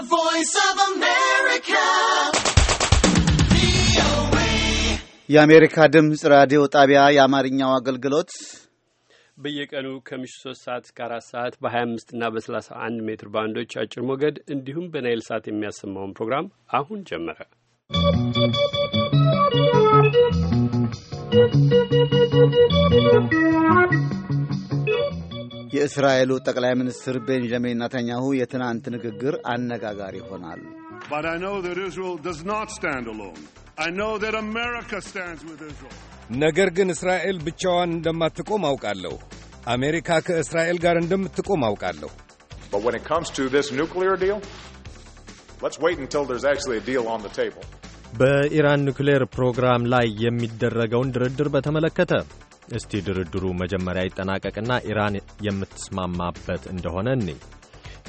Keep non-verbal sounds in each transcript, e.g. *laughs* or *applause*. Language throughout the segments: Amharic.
The Voice የአሜሪካ ድምፅ ራዲዮ ጣቢያ የአማርኛው አገልግሎት በየቀኑ ከምሽቱ 3 ሰዓት እስከ 4 ሰዓት በ25 እና በ31 ሜትር ባንዶች አጭር ሞገድ እንዲሁም በናይል ሳት የሚያሰማውን ፕሮግራም አሁን ጀመረ። ¶¶ የእስራኤሉ ጠቅላይ ሚኒስትር ቤንጃሚን ነተኛሁ የትናንት ንግግር አነጋጋሪ ይሆናል። ነገር ግን እስራኤል ብቻዋን እንደማትቆም አውቃለሁ። አሜሪካ ከእስራኤል ጋር እንደምትቆም አውቃለሁ። በኢራን ኒውክሌር ፕሮግራም ላይ የሚደረገውን ድርድር በተመለከተ እስቲ ድርድሩ መጀመሪያ ይጠናቀቅና ኢራን የምትስማማበት እንደሆነ እኔ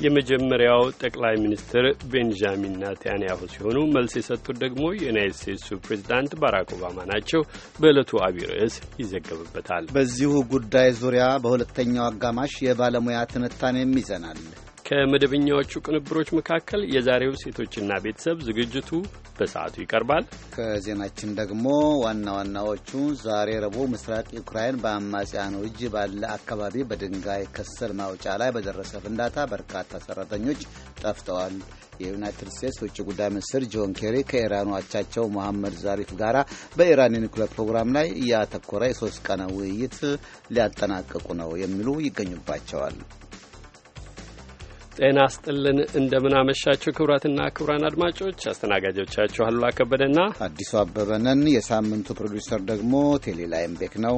የመጀመሪያው ጠቅላይ ሚኒስትር ቤንጃሚን ናታንያሁ ሲሆኑ መልስ የሰጡት ደግሞ የዩናይት ስቴትሱ ፕሬዚዳንት ባራክ ኦባማ ናቸው። በዕለቱ አብይ ርዕስ ይዘገብበታል። በዚሁ ጉዳይ ዙሪያ በሁለተኛው አጋማሽ የባለሙያ ትንታኔም ይዘናል። ከመደበኛዎቹ ቅንብሮች መካከል የዛሬው ሴቶችና ቤተሰብ ዝግጅቱ በሰዓቱ ይቀርባል። ከዜናችን ደግሞ ዋና ዋናዎቹ ዛሬ ረቡዕ ምስራቅ ዩክራይን በአማጽያኑ እጅ ባለ አካባቢ በድንጋይ ከሰል ማውጫ ላይ በደረሰ ፍንዳታ በርካታ ሰራተኞች ጠፍተዋል። የዩናይትድ ስቴትስ ውጭ ጉዳይ ሚኒስትር ጆን ኬሪ ከኢራኑ አቻቸው መሐመድ ዛሪፍ ጋር በኢራን የኒኩሌር ፕሮግራም ላይ ያተኮረ የሶስት ቀነ ውይይት ሊያጠናቅቁ ነው የሚሉ ይገኙባቸዋል። ጤና ስጥልን እንደምናመሻችሁ ክቡራትና ክቡራን አድማጮች አስተናጋጆቻችሁ አሉላ ከበደና አዲሱ አበበነን። የሳምንቱ ፕሮዲሰር ደግሞ ቴሌላይም ቤክ ነው።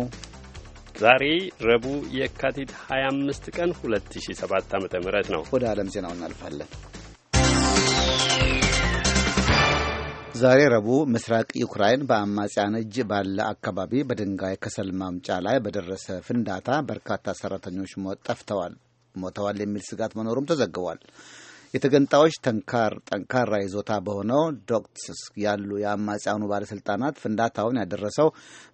ዛሬ ረቡዕ የካቲት 25 ቀን 2007 ዓ ም ነው። ወደ ዓለም ዜናው እናልፋለን። ዛሬ ረቡዕ ምስራቅ ዩክራይን በአማጽያን እጅ ባለ አካባቢ በድንጋይ ከሰል ማምጫ ላይ በደረሰ ፍንዳታ በርካታ ሰራተኞች ሞት ጠፍተዋል። ሞተዋል የሚል ስጋት መኖሩም ተዘግቧል። የተገንጣዮች ተንካር ጠንካራ ይዞታ በሆነው ዶክትስ ያሉ የአማጽያኑ ባለስልጣናት ፍንዳታውን ያደረሰው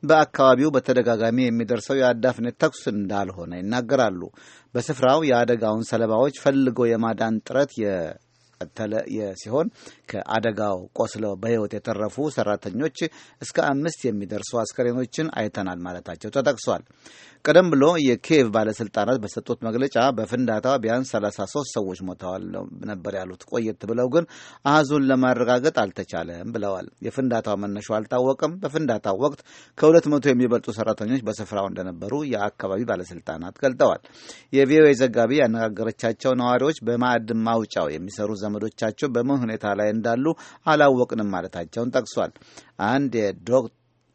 በአካባቢው በተደጋጋሚ የሚደርሰው የአዳፍነት ተኩስ እንዳልሆነ ይናገራሉ። በስፍራው የአደጋውን ሰለባዎች ፈልጎ የማዳን ጥረት ሲሆን ከአደጋው ቆስለው በሕይወት የተረፉ ሰራተኞች እስከ አምስት የሚደርሱ አስከሬኖችን አይተናል ማለታቸው ተጠቅሷል። ቀደም ብሎ የኪየቭ ባለስልጣናት በሰጡት መግለጫ በፍንዳታ ቢያንስ 33 ሰዎች ሞተዋል ነበር ያሉት። ቆየት ብለው ግን አሃዙን ለማረጋገጥ አልተቻለም ብለዋል። የፍንዳታው መነሻው አልታወቅም። በፍንዳታው ወቅት ከ200 የሚበልጡ ሰራተኞች በስፍራው እንደነበሩ የአካባቢ ባለስልጣናት ገልጠዋል። የቪኦኤ ዘጋቢ ያነጋገረቻቸው ነዋሪዎች በማዕድን ማውጫው የሚሰሩ ዘመዶቻቸው በምን ሁኔታ ላይ እንዳሉ አላወቅንም ማለታቸውን ጠቅሷል። አንድ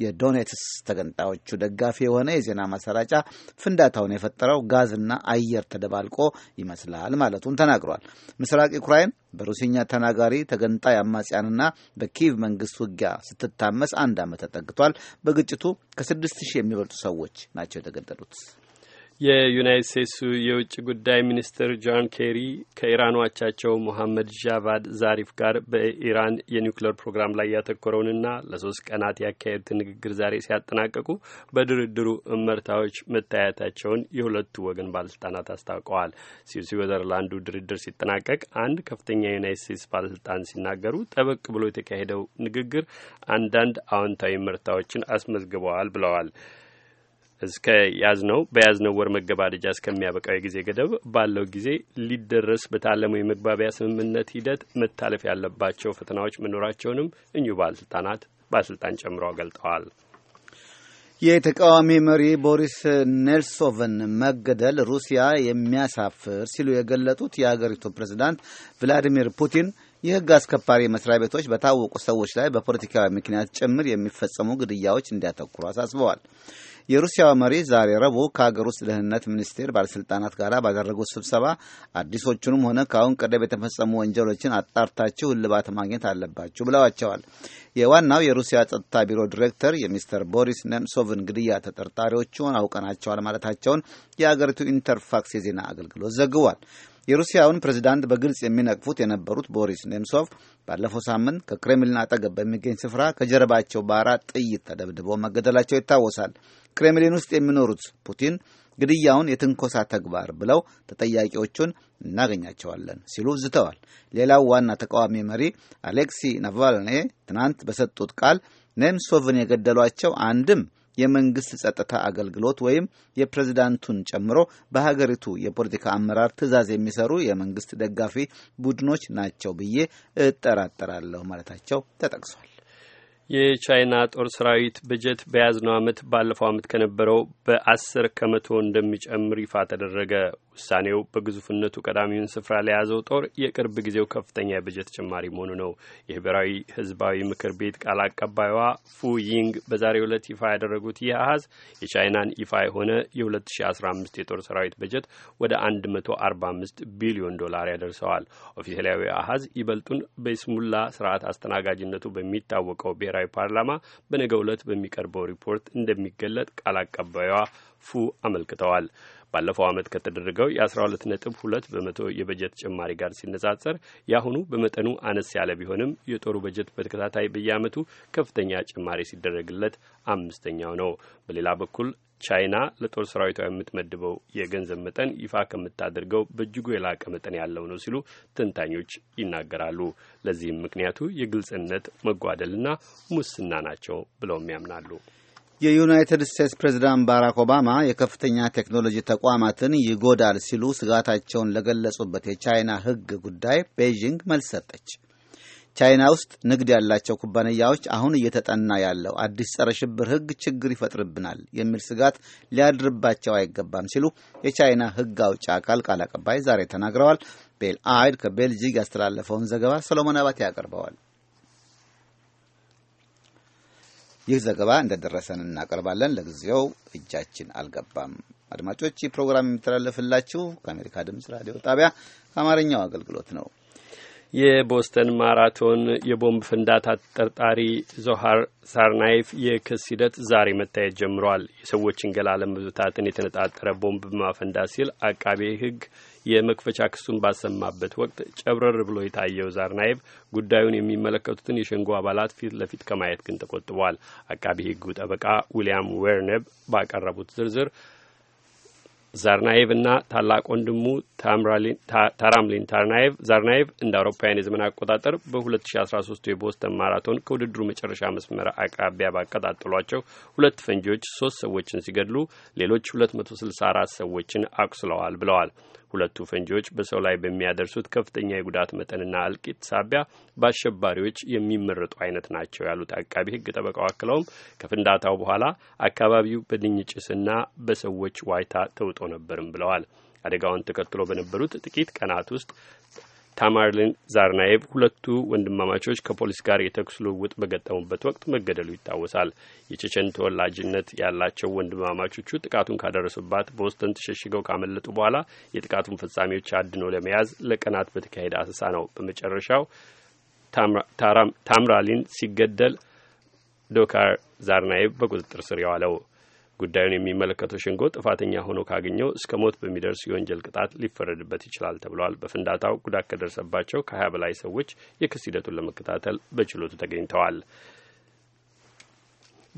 የዶኔትስ ተገንጣዮቹ ደጋፊ የሆነ የዜና ማሰራጫ ፍንዳታውን የፈጠረው ጋዝና አየር ተደባልቆ ይመስላል ማለቱን ተናግሯል። ምስራቅ ዩክራይን በሩሲኛ ተናጋሪ ተገንጣይ አማጽያንና በኪቭ መንግስት ውጊያ ስትታመስ አንድ ዓመት ተጠግቷል። በግጭቱ ከስድስት ሺህ የሚበልጡ ሰዎች ናቸው የተገደሉት። የዩናይት ስቴትሱ የውጭ ጉዳይ ሚኒስትር ጆን ኬሪ ከኢራን ዋቻቸው ሞሐመድ ዣቫድ ዛሪፍ ጋር በኢራን የኒውክሌር ፕሮግራም ላይ ያተኮረውንና ለሶስት ቀናት ያካሄዱትን ንግግር ዛሬ ሲያጠናቀቁ በድርድሩ እመርታዎች መታየታቸውን የሁለቱ ወገን ባለስልጣናት አስታውቀዋል። ስዊዘርላንዱ ድርድር ሲጠናቀቅ አንድ ከፍተኛ የዩናይት ስቴትስ ባለስልጣን ሲናገሩ ጠበቅ ብሎ የተካሄደው ንግግር አንዳንድ አዎንታዊ እመርታዎችን አስመዝግበዋል ብለዋል። እስከ ያዝነው በያዝነው ወር መገባደጃ እስከሚያበቃው የጊዜ ገደብ ባለው ጊዜ ሊደረስ በታለመው የመግባቢያ ስምምነት ሂደት መታለፍ ያለባቸው ፈተናዎች መኖራቸውንም እኚሁ ባለስልጣናት ባለስልጣን ጨምሮ ገልጠዋል። የተቃዋሚ መሪ ቦሪስ ኔልሶቭን መገደል ሩሲያ የሚያሳፍር ሲሉ የገለጡት የሀገሪቱ ፕሬዚዳንት ቭላዲሚር ፑቲን የሕግ አስከባሪ መስሪያ ቤቶች በታወቁ ሰዎች ላይ በፖለቲካዊ ምክንያት ጭምር የሚፈጸሙ ግድያዎች እንዲያተኩሩ አሳስበዋል። የሩሲያው መሪ ዛሬ ረቡዕ ከሀገር ውስጥ ደህንነት ሚኒስቴር ባለሥልጣናት ጋር ባደረጉት ስብሰባ አዲሶቹንም ሆነ ከአሁን ቀደም የተፈጸሙ ወንጀሎችን አጣርታችሁ እልባት ማግኘት አለባችሁ ብለዋቸዋል። የዋናው የሩሲያ ጸጥታ ቢሮ ዲሬክተር የሚስተር ቦሪስ ነምሶቭን ግድያ ተጠርጣሪዎቹን አውቀናቸዋል ማለታቸውን የአገሪቱ ኢንተርፋክስ የዜና አገልግሎት ዘግቧል። የሩሲያውን ፕሬዚዳንት በግልጽ የሚነቅፉት የነበሩት ቦሪስ ኔምሶቭ ባለፈው ሳምንት ከክሬምሊን አጠገብ በሚገኝ ስፍራ ከጀርባቸው በአራት ጥይት ተደብድበው መገደላቸው ይታወሳል። ክሬምሊን ውስጥ የሚኖሩት ፑቲን ግድያውን የትንኮሳ ተግባር ብለው ተጠያቂዎቹን እናገኛቸዋለን ሲሉ ዝተዋል። ሌላው ዋና ተቃዋሚ መሪ አሌክሲ ናቫልኔ ትናንት በሰጡት ቃል ኔምሶቭን የገደሏቸው አንድም የመንግስት ጸጥታ አገልግሎት ወይም የፕሬዝዳንቱን ጨምሮ በሀገሪቱ የፖለቲካ አመራር ትዕዛዝ የሚሰሩ የመንግስት ደጋፊ ቡድኖች ናቸው ብዬ እጠራጠራለሁ ማለታቸው ተጠቅሷል። የቻይና ጦር ሰራዊት በጀት በያዝነው ዓመት ባለፈው ዓመት ከነበረው በአስር ከመቶ እንደሚጨምር ይፋ ተደረገ። ውሳኔው በግዙፍነቱ ቀዳሚውን ስፍራ ለያዘው ጦር የቅርብ ጊዜው ከፍተኛ የበጀት ጭማሪ መሆኑ ነው። የብሔራዊ ሕዝባዊ ምክር ቤት ቃል አቀባይዋ ፉ ይንግ በዛሬው ዕለት ይፋ ያደረጉት ይህ አሀዝ የቻይናን ይፋ የሆነ የ2015 የጦር ሰራዊት በጀት ወደ 145 ቢሊዮን ዶላር ያደርሰዋል። ኦፊሴላዊ አሀዝ ይበልጡን በይስሙላ ስርዓት አስተናጋጅነቱ በሚታወቀው ብሔራዊ ፓርላማ በነገው ዕለት በሚቀርበው ሪፖርት እንደሚገለጥ ቃል አቀባይዋ ፉ አመልክተዋል። ባለፈው ዓመት ከተደረገው የ12 ነጥብ 2 በመቶ የበጀት ጭማሪ ጋር ሲነጻጸር የአሁኑ በመጠኑ አነስ ያለ ቢሆንም የጦሩ በጀት በተከታታይ በየዓመቱ ከፍተኛ ጭማሪ ሲደረግለት አምስተኛው ነው። በሌላ በኩል ቻይና ለጦር ሰራዊቷ የምትመድበው የገንዘብ መጠን ይፋ ከምታደርገው በእጅጉ የላቀ መጠን ያለው ነው ሲሉ ተንታኞች ይናገራሉ። ለዚህም ምክንያቱ የግልጽነት መጓደልና ሙስና ናቸው ብለውም ያምናሉ። የዩናይትድ ስቴትስ ፕሬዝዳንት ባራክ ኦባማ የከፍተኛ ቴክኖሎጂ ተቋማትን ይጎዳል ሲሉ ስጋታቸውን ለገለጹበት የቻይና ሕግ ጉዳይ ቤይዥንግ መልስ ሰጠች። ቻይና ውስጥ ንግድ ያላቸው ኩባንያዎች አሁን እየተጠና ያለው አዲስ ጸረ ሽብር ሕግ ችግር ይፈጥርብናል የሚል ስጋት ሊያድርባቸው አይገባም ሲሉ የቻይና ሕግ አውጪ አካል ቃል አቀባይ ዛሬ ተናግረዋል። ቤል አይድ ከቤልጂግ ያስተላለፈውን ዘገባ ሰሎሞን አባቴ ያቀርበዋል። ይህ ዘገባ እንደደረሰን እናቀርባለን። ለጊዜው እጃችን አልገባም። አድማጮች፣ ፕሮግራም የሚተላለፍላችሁ ከአሜሪካ ድምጽ ራዲዮ ጣቢያ ከአማርኛው አገልግሎት ነው። የቦስተን ማራቶን የቦምብ ፍንዳታ ተጠርጣሪ ዞሃር ሳርናይፍ የክስ ሂደት ዛሬ መታየት ጀምሯል። የሰዎችን ገላ ለመብታትን የተነጣጠረ ቦምብ ማፈንዳ ሲል አቃቤ ሕግ የመክፈቻ ክሱን ባሰማበት ወቅት ጨብረር ብሎ የታየው ዛርናይቭ ጉዳዩን የሚመለከቱትን የሸንጎ አባላት ፊት ለፊት ከማየት ግን ተቆጥቧል። አቃቢ ሕጉ ጠበቃ ዊልያም ዌርነብ ባቀረቡት ዝርዝር ዛርናይቭ እና ታላቅ ወንድሙ ታራምሊን ታርናይቭ ዛርናየቭ እንደ አውሮፓውያን የዘመን አቆጣጠር በ2013 የቦስተን ማራቶን ከውድድሩ መጨረሻ መስመር አቅራቢያ ባቀጣጠሏቸው ሁለት ፈንጂዎች ሶስት ሰዎችን ሲገድሉ ሌሎች 264 ሰዎችን አቁስለዋል ብለዋል። ሁለቱ ፈንጂዎች በሰው ላይ በሚያደርሱት ከፍተኛ የጉዳት መጠንና እልቂት ሳቢያ በአሸባሪዎች የሚመረጡ አይነት ናቸው ያሉት አቃቢ ሕግ ጠበቃው አክለውም ከፍንዳታው በኋላ አካባቢው በድኝ ጭስና በሰዎች ዋይታ ተውጦ ነበርም ብለዋል። አደጋውን ተከትሎ በነበሩት ጥቂት ቀናት ውስጥ ታማርሊን ዛርናኤቭ ሁለቱ ወንድማማቾች ከፖሊስ ጋር የተኩስ ልውውጥ በገጠሙበት ወቅት መገደሉ ይታወሳል። የቼቸን ተወላጅነት ያላቸው ወንድማማቾቹ ጥቃቱን ካደረሱባት ቦስተን ተሸሽገው ካመለጡ በኋላ የጥቃቱን ፈጻሚዎች አድኖ ለመያዝ ለቀናት በተካሄደ አሰሳ ነው። በመጨረሻው ታምራሊን ሲገደል ዶካር ዛርናኤቭ በቁጥጥር ስር የዋለው ጉዳዩን የሚመለከተው ሸንጎ ጥፋተኛ ሆኖ ካገኘው እስከ ሞት በሚደርስ የወንጀል ቅጣት ሊፈረድበት ይችላል ተብሏል። በፍንዳታው ጉዳት ከደረሰባቸው ከሀያ በላይ ሰዎች የክስ ሂደቱን ለመከታተል በችሎቱ ተገኝተዋል።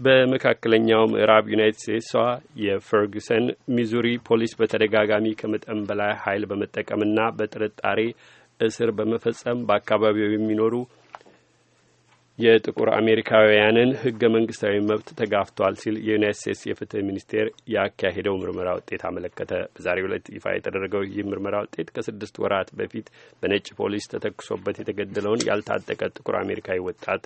በመካከለኛው ምዕራብ ዩናይትድ ስቴትሷ የፈርጉሰን ሚዙሪ ፖሊስ በተደጋጋሚ ከመጠን በላይ ኃይል በመጠቀምና በጥርጣሬ እስር በመፈጸም በአካባቢው የሚኖሩ የጥቁር አሜሪካውያንን ህገ መንግስታዊ መብት ተጋፍቷል ሲል የዩናይት ስቴትስ የፍትህ ሚኒስቴር ያካሄደው ምርመራ ውጤት አመለከተ። በዛሬው ዕለት ይፋ የተደረገው ይህ ምርመራ ውጤት ከስድስት ወራት በፊት በነጭ ፖሊስ ተተኩሶበት የተገደለውን ያልታጠቀ ጥቁር አሜሪካዊ ወጣት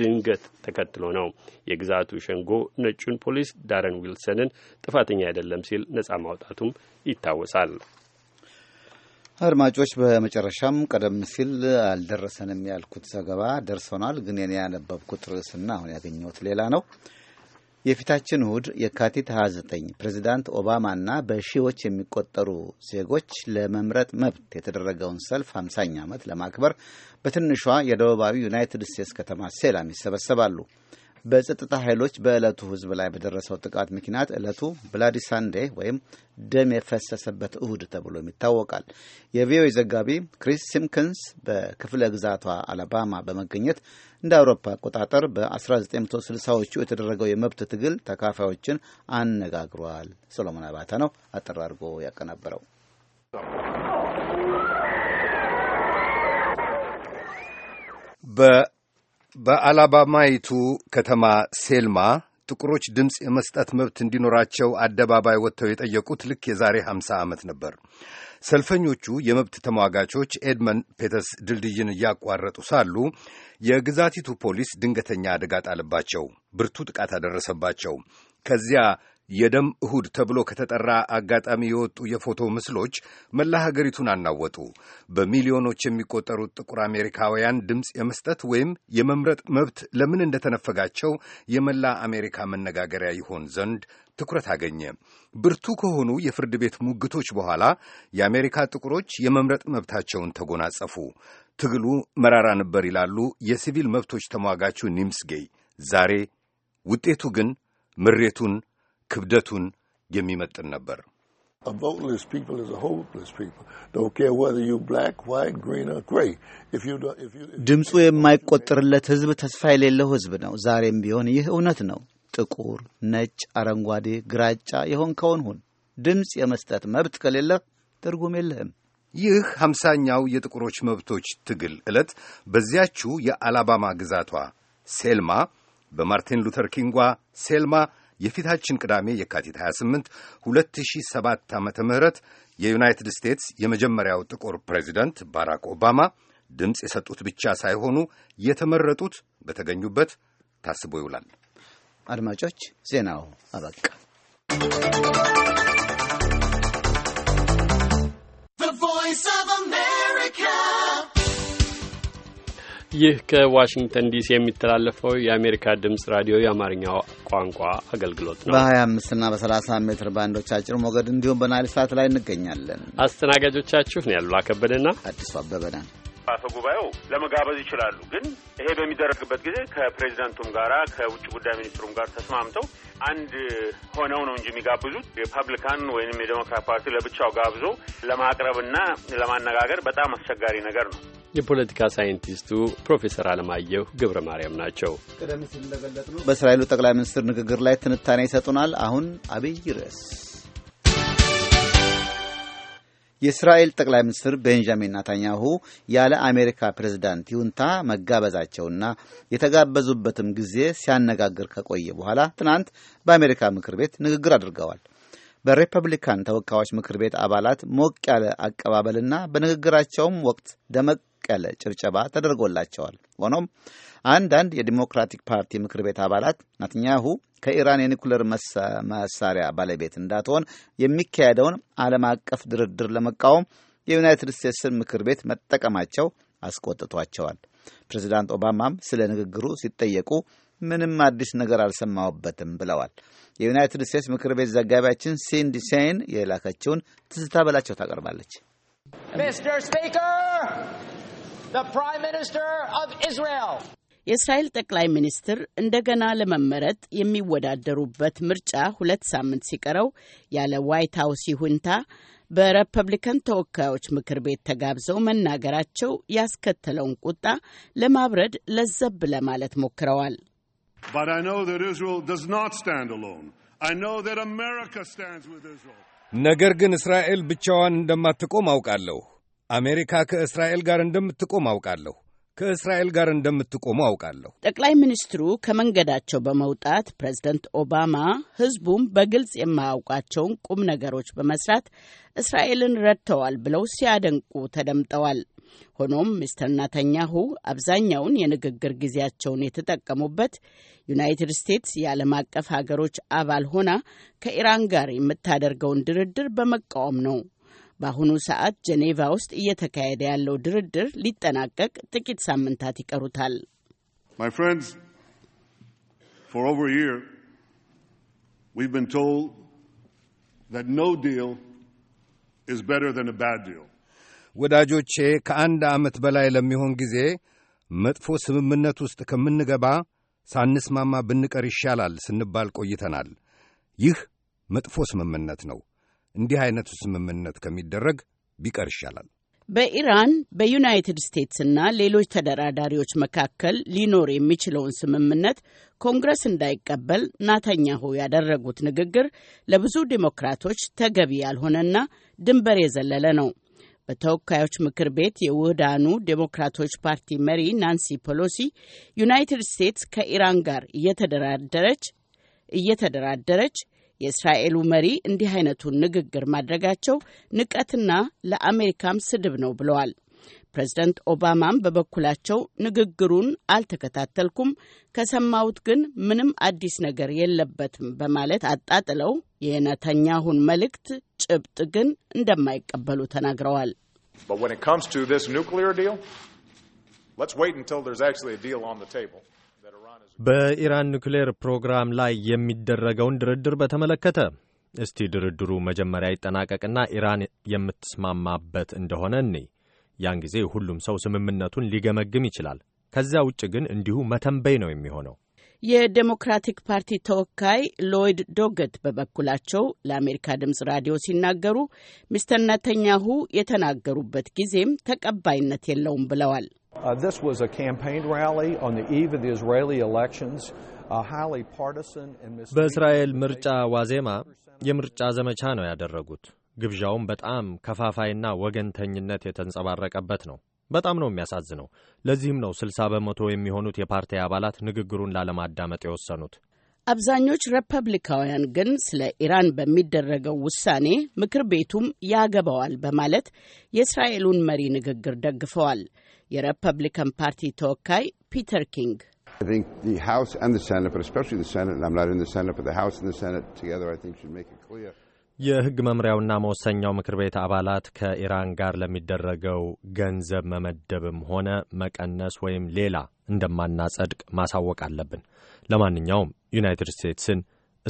ድንገት ተከትሎ ነው። የግዛቱ ሸንጎ ነጩን ፖሊስ ዳረን ዊልሰንን ጥፋተኛ አይደለም ሲል ነጻ ማውጣቱም ይታወሳል። አድማጮች፣ በመጨረሻም ቀደም ሲል አልደረሰንም ያልኩት ዘገባ ደርሶናል፣ ግን የኔ ያነበብኩት ርዕስና አሁን ያገኘሁት ሌላ ነው። የፊታችን እሁድ የካቲት 29 ፕሬዚዳንት ኦባማና በሺዎች የሚቆጠሩ ዜጎች ለመምረጥ መብት የተደረገውን ሰልፍ 50ኛ ዓመት ለማክበር በትንሿ የደቡባዊ ዩናይትድ ስቴትስ ከተማ ሴላም ይሰበሰባሉ። በጸጥታ ኃይሎች በዕለቱ ህዝብ ላይ በደረሰው ጥቃት ምክንያት ዕለቱ ብላዲ ሳንዴ ወይም ደም የፈሰሰበት እሁድ ተብሎ ይታወቃል። የቪኦኤ ዘጋቢ ክሪስ ሲምክንስ በክፍለ ግዛቷ አላባማ በመገኘት እንደ አውሮፓ አቆጣጠር በ1960ዎቹ የተደረገው የመብት ትግል ተካፋዮችን አነጋግሯል። ሰሎሞን አባተ ነው አጠር አድርጎ ያቀናበረው። በ በአላባማይቱ ከተማ ሴልማ ጥቁሮች ድምፅ የመስጠት መብት እንዲኖራቸው አደባባይ ወጥተው የጠየቁት ልክ የዛሬ 50 ዓመት ነበር። ሰልፈኞቹ የመብት ተሟጋቾች ኤድመን ፔተስ ድልድይን እያቋረጡ ሳሉ የግዛቲቱ ፖሊስ ድንገተኛ አደጋ ጣለባቸው፣ ብርቱ ጥቃት አደረሰባቸው። ከዚያ የደም እሁድ ተብሎ ከተጠራ አጋጣሚ የወጡ የፎቶ ምስሎች መላ ሀገሪቱን አናወጡ። በሚሊዮኖች የሚቆጠሩት ጥቁር አሜሪካውያን ድምፅ የመስጠት ወይም የመምረጥ መብት ለምን እንደተነፈጋቸው የመላ አሜሪካ መነጋገሪያ ይሆን ዘንድ ትኩረት አገኘ። ብርቱ ከሆኑ የፍርድ ቤት ሙግቶች በኋላ የአሜሪካ ጥቁሮች የመምረጥ መብታቸውን ተጎናጸፉ። ትግሉ መራራ ነበር ይላሉ የሲቪል መብቶች ተሟጋቹ ኒምስጌይ። ዛሬ ውጤቱ ግን ምሬቱን ክብደቱን የሚመጥን ነበር። ድምፁ የማይቆጠርለት ህዝብ ተስፋ የሌለው ህዝብ ነው። ዛሬም ቢሆን ይህ እውነት ነው። ጥቁር፣ ነጭ፣ አረንጓዴ፣ ግራጫ የሆንከውን ሁን። ድምፅ የመስጠት መብት ከሌለ ትርጉም የለህም። ይህ ሀምሳኛው የጥቁሮች መብቶች ትግል ዕለት በዚያችው የአላባማ ግዛቷ ሴልማ በማርቲን ሉተር ኪንጓ ሴልማ የፊታችን ቅዳሜ የካቲት 28 2007 ዓ ም የዩናይትድ ስቴትስ የመጀመሪያው ጥቁር ፕሬዚደንት ባራክ ኦባማ ድምፅ የሰጡት ብቻ ሳይሆኑ የተመረጡት በተገኙበት ታስቦ ይውላል። አድማጮች፣ ዜናው አበቃ። ቮይስ ኦፍ አሜሪካ ይህ ከዋሽንግተን ዲሲ የሚተላለፈው የአሜሪካ ድምጽ ራዲዮ የአማርኛ ቋንቋ አገልግሎት ነው። በ25 እና በ30 ሜትር ባንዶች አጭር ሞገድ እንዲሁም በናይል ሰዓት ላይ እንገኛለን። አስተናጋጆቻችሁ ነው ያሉ አከበደና አዲሱ አበበናል። አፈ ጉባኤው ለመጋበዝ ይችላሉ። ግን ይሄ በሚደረግበት ጊዜ ከፕሬዚዳንቱም ጋራ ከውጭ ጉዳይ ሚኒስትሩም ጋር ተስማምተው አንድ ሆነው ነው እንጂ የሚጋብዙት የሪፐብሊካን ወይም የዴሞክራት ፓርቲ ለብቻው ጋብዞ ለማቅረብና ለማነጋገር በጣም አስቸጋሪ ነገር ነው። የፖለቲካ ሳይንቲስቱ ፕሮፌሰር አለማየሁ ገብረ ማርያም ናቸው። ቀደም ሲል እንደገለጽነው በእስራኤሉ ጠቅላይ ሚኒስትር ንግግር ላይ ትንታኔ ይሰጡናል። አሁን አብይ ርዕስ የእስራኤል ጠቅላይ ሚኒስትር ቤንጃሚን ናታንያሁ ያለ አሜሪካ ፕሬዝዳንት ይሁንታ መጋበዛቸውና የተጋበዙበትም ጊዜ ሲያነጋግር ከቆየ በኋላ ትናንት በአሜሪካ ምክር ቤት ንግግር አድርገዋል። በሪፐብሊካን ተወካዮች ምክር ቤት አባላት ሞቅ ያለ አቀባበልና በንግግራቸውም ወቅት ደመቅ ያለ ጭብጨባ ተደርጎላቸዋል። ሆኖም አንዳንድ የዲሞክራቲክ ፓርቲ ምክር ቤት አባላት ናትኛሁ ከኢራን የኒኩለር መሳሪያ ባለቤት እንዳትሆን የሚካሄደውን ዓለም አቀፍ ድርድር ለመቃወም የዩናይትድ ስቴትስን ምክር ቤት መጠቀማቸው አስቆጥቷቸዋል። ፕሬዚዳንት ኦባማም ስለ ንግግሩ ሲጠየቁ ምንም አዲስ ነገር አልሰማሁበትም ብለዋል። የዩናይትድ ስቴትስ ምክር ቤት ዘጋቢያችን ሲንዲ ሴይን የላከችውን ትዝታ በላቸው ታቀርባለች። ሚስተር ስፒከር የእስራኤል ጠቅላይ ሚኒስትር እንደገና ለመመረጥ የሚወዳደሩበት ምርጫ ሁለት ሳምንት ሲቀረው ያለ ዋይት ሀውስ ይሁንታ በሪፐብሊካን ተወካዮች ምክር ቤት ተጋብዘው መናገራቸው ያስከተለውን ቁጣ ለማብረድ ለዘብ ለማለት ሞክረዋል። ነገር ግን እስራኤል ብቻዋን እንደማትቆም አውቃለሁ። አሜሪካ ከእስራኤል ጋር እንደምትቆም አውቃለሁ ከእስራኤል ጋር እንደምትቆሙ አውቃለሁ። ጠቅላይ ሚኒስትሩ ከመንገዳቸው በመውጣት ፕሬዝደንት ኦባማ ሕዝቡም በግልጽ የማያውቃቸውን ቁም ነገሮች በመስራት እስራኤልን ረድተዋል ብለው ሲያደንቁ ተደምጠዋል። ሆኖም ሚስተር ናተኛሁ አብዛኛውን የንግግር ጊዜያቸውን የተጠቀሙበት ዩናይትድ ስቴትስ የዓለም አቀፍ ሀገሮች አባል ሆና ከኢራን ጋር የምታደርገውን ድርድር በመቃወም ነው። በአሁኑ ሰዓት ጀኔቫ ውስጥ እየተካሄደ ያለው ድርድር ሊጠናቀቅ ጥቂት ሳምንታት ይቀሩታል። ወዳጆቼ ከአንድ ዓመት በላይ ለሚሆን ጊዜ መጥፎ ስምምነት ውስጥ ከምንገባ ሳንስማማ ብንቀር ይሻላል ስንባል ቆይተናል። ይህ መጥፎ ስምምነት ነው። እንዲህ አይነቱ ስምምነት ከሚደረግ ቢቀር ይሻላል። በኢራን በዩናይትድ ስቴትስና ሌሎች ተደራዳሪዎች መካከል ሊኖር የሚችለውን ስምምነት ኮንግረስ እንዳይቀበል ናታኛሁ ያደረጉት ንግግር ለብዙ ዴሞክራቶች ተገቢ ያልሆነና ድንበር የዘለለ ነው። በተወካዮች ምክር ቤት የውህዳኑ ዴሞክራቶች ፓርቲ መሪ ናንሲ ፔሎሲ ዩናይትድ ስቴትስ ከኢራን ጋር እየተደራደረች እየተደራደረች የእስራኤሉ መሪ እንዲህ አይነቱን ንግግር ማድረጋቸው ንቀትና ለአሜሪካም ስድብ ነው ብለዋል። ፕሬዝደንት ኦባማም በበኩላቸው ንግግሩን አልተከታተልኩም፣ ከሰማሁት ግን ምንም አዲስ ነገር የለበትም በማለት አጣጥለው የነተኛሁን መልእክት ጭብጥ ግን እንደማይቀበሉ ተናግረዋል። በኢራን ኒውክሌር ፕሮግራም ላይ የሚደረገውን ድርድር በተመለከተ እስቲ ድርድሩ መጀመሪያ ይጠናቀቅና ኢራን የምትስማማበት እንደሆነ እኔ ያን ጊዜ ሁሉም ሰው ስምምነቱን ሊገመግም ይችላል። ከዚያ ውጭ ግን እንዲሁ መተንበይ ነው የሚሆነው። የዴሞክራቲክ ፓርቲ ተወካይ ሎይድ ዶገት በበኩላቸው ለአሜሪካ ድምፅ ራዲዮ ሲናገሩ ሚስተር ነተኛሁ የተናገሩበት ጊዜም ተቀባይነት የለውም ብለዋል። በእስራኤል ምርጫ ዋዜማ የምርጫ ዘመቻ ነው ያደረጉት። ግብዣውም በጣም ከፋፋይና ወገንተኝነት የተንጸባረቀበት ነው። በጣም ነው የሚያሳዝነው። ለዚህም ነው ስልሳ በመቶ የሚሆኑት የፓርቲ አባላት ንግግሩን ላለማዳመጥ የወሰኑት። አብዛኞች ሪፐብሊካውያን ግን ስለ ኢራን በሚደረገው ውሳኔ ምክር ቤቱም ያገባዋል በማለት የእስራኤሉን መሪ ንግግር ደግፈዋል። የሪፐብሊካን ፓርቲ ተወካይ ፒተር ኪንግ የህግ መምሪያውና መወሰኛው ምክር ቤት አባላት ከኢራን ጋር ለሚደረገው ገንዘብ መመደብም ሆነ መቀነስ ወይም ሌላ እንደማናጸድቅ ማሳወቅ አለብን። ለማንኛውም ዩናይትድ ስቴትስን፣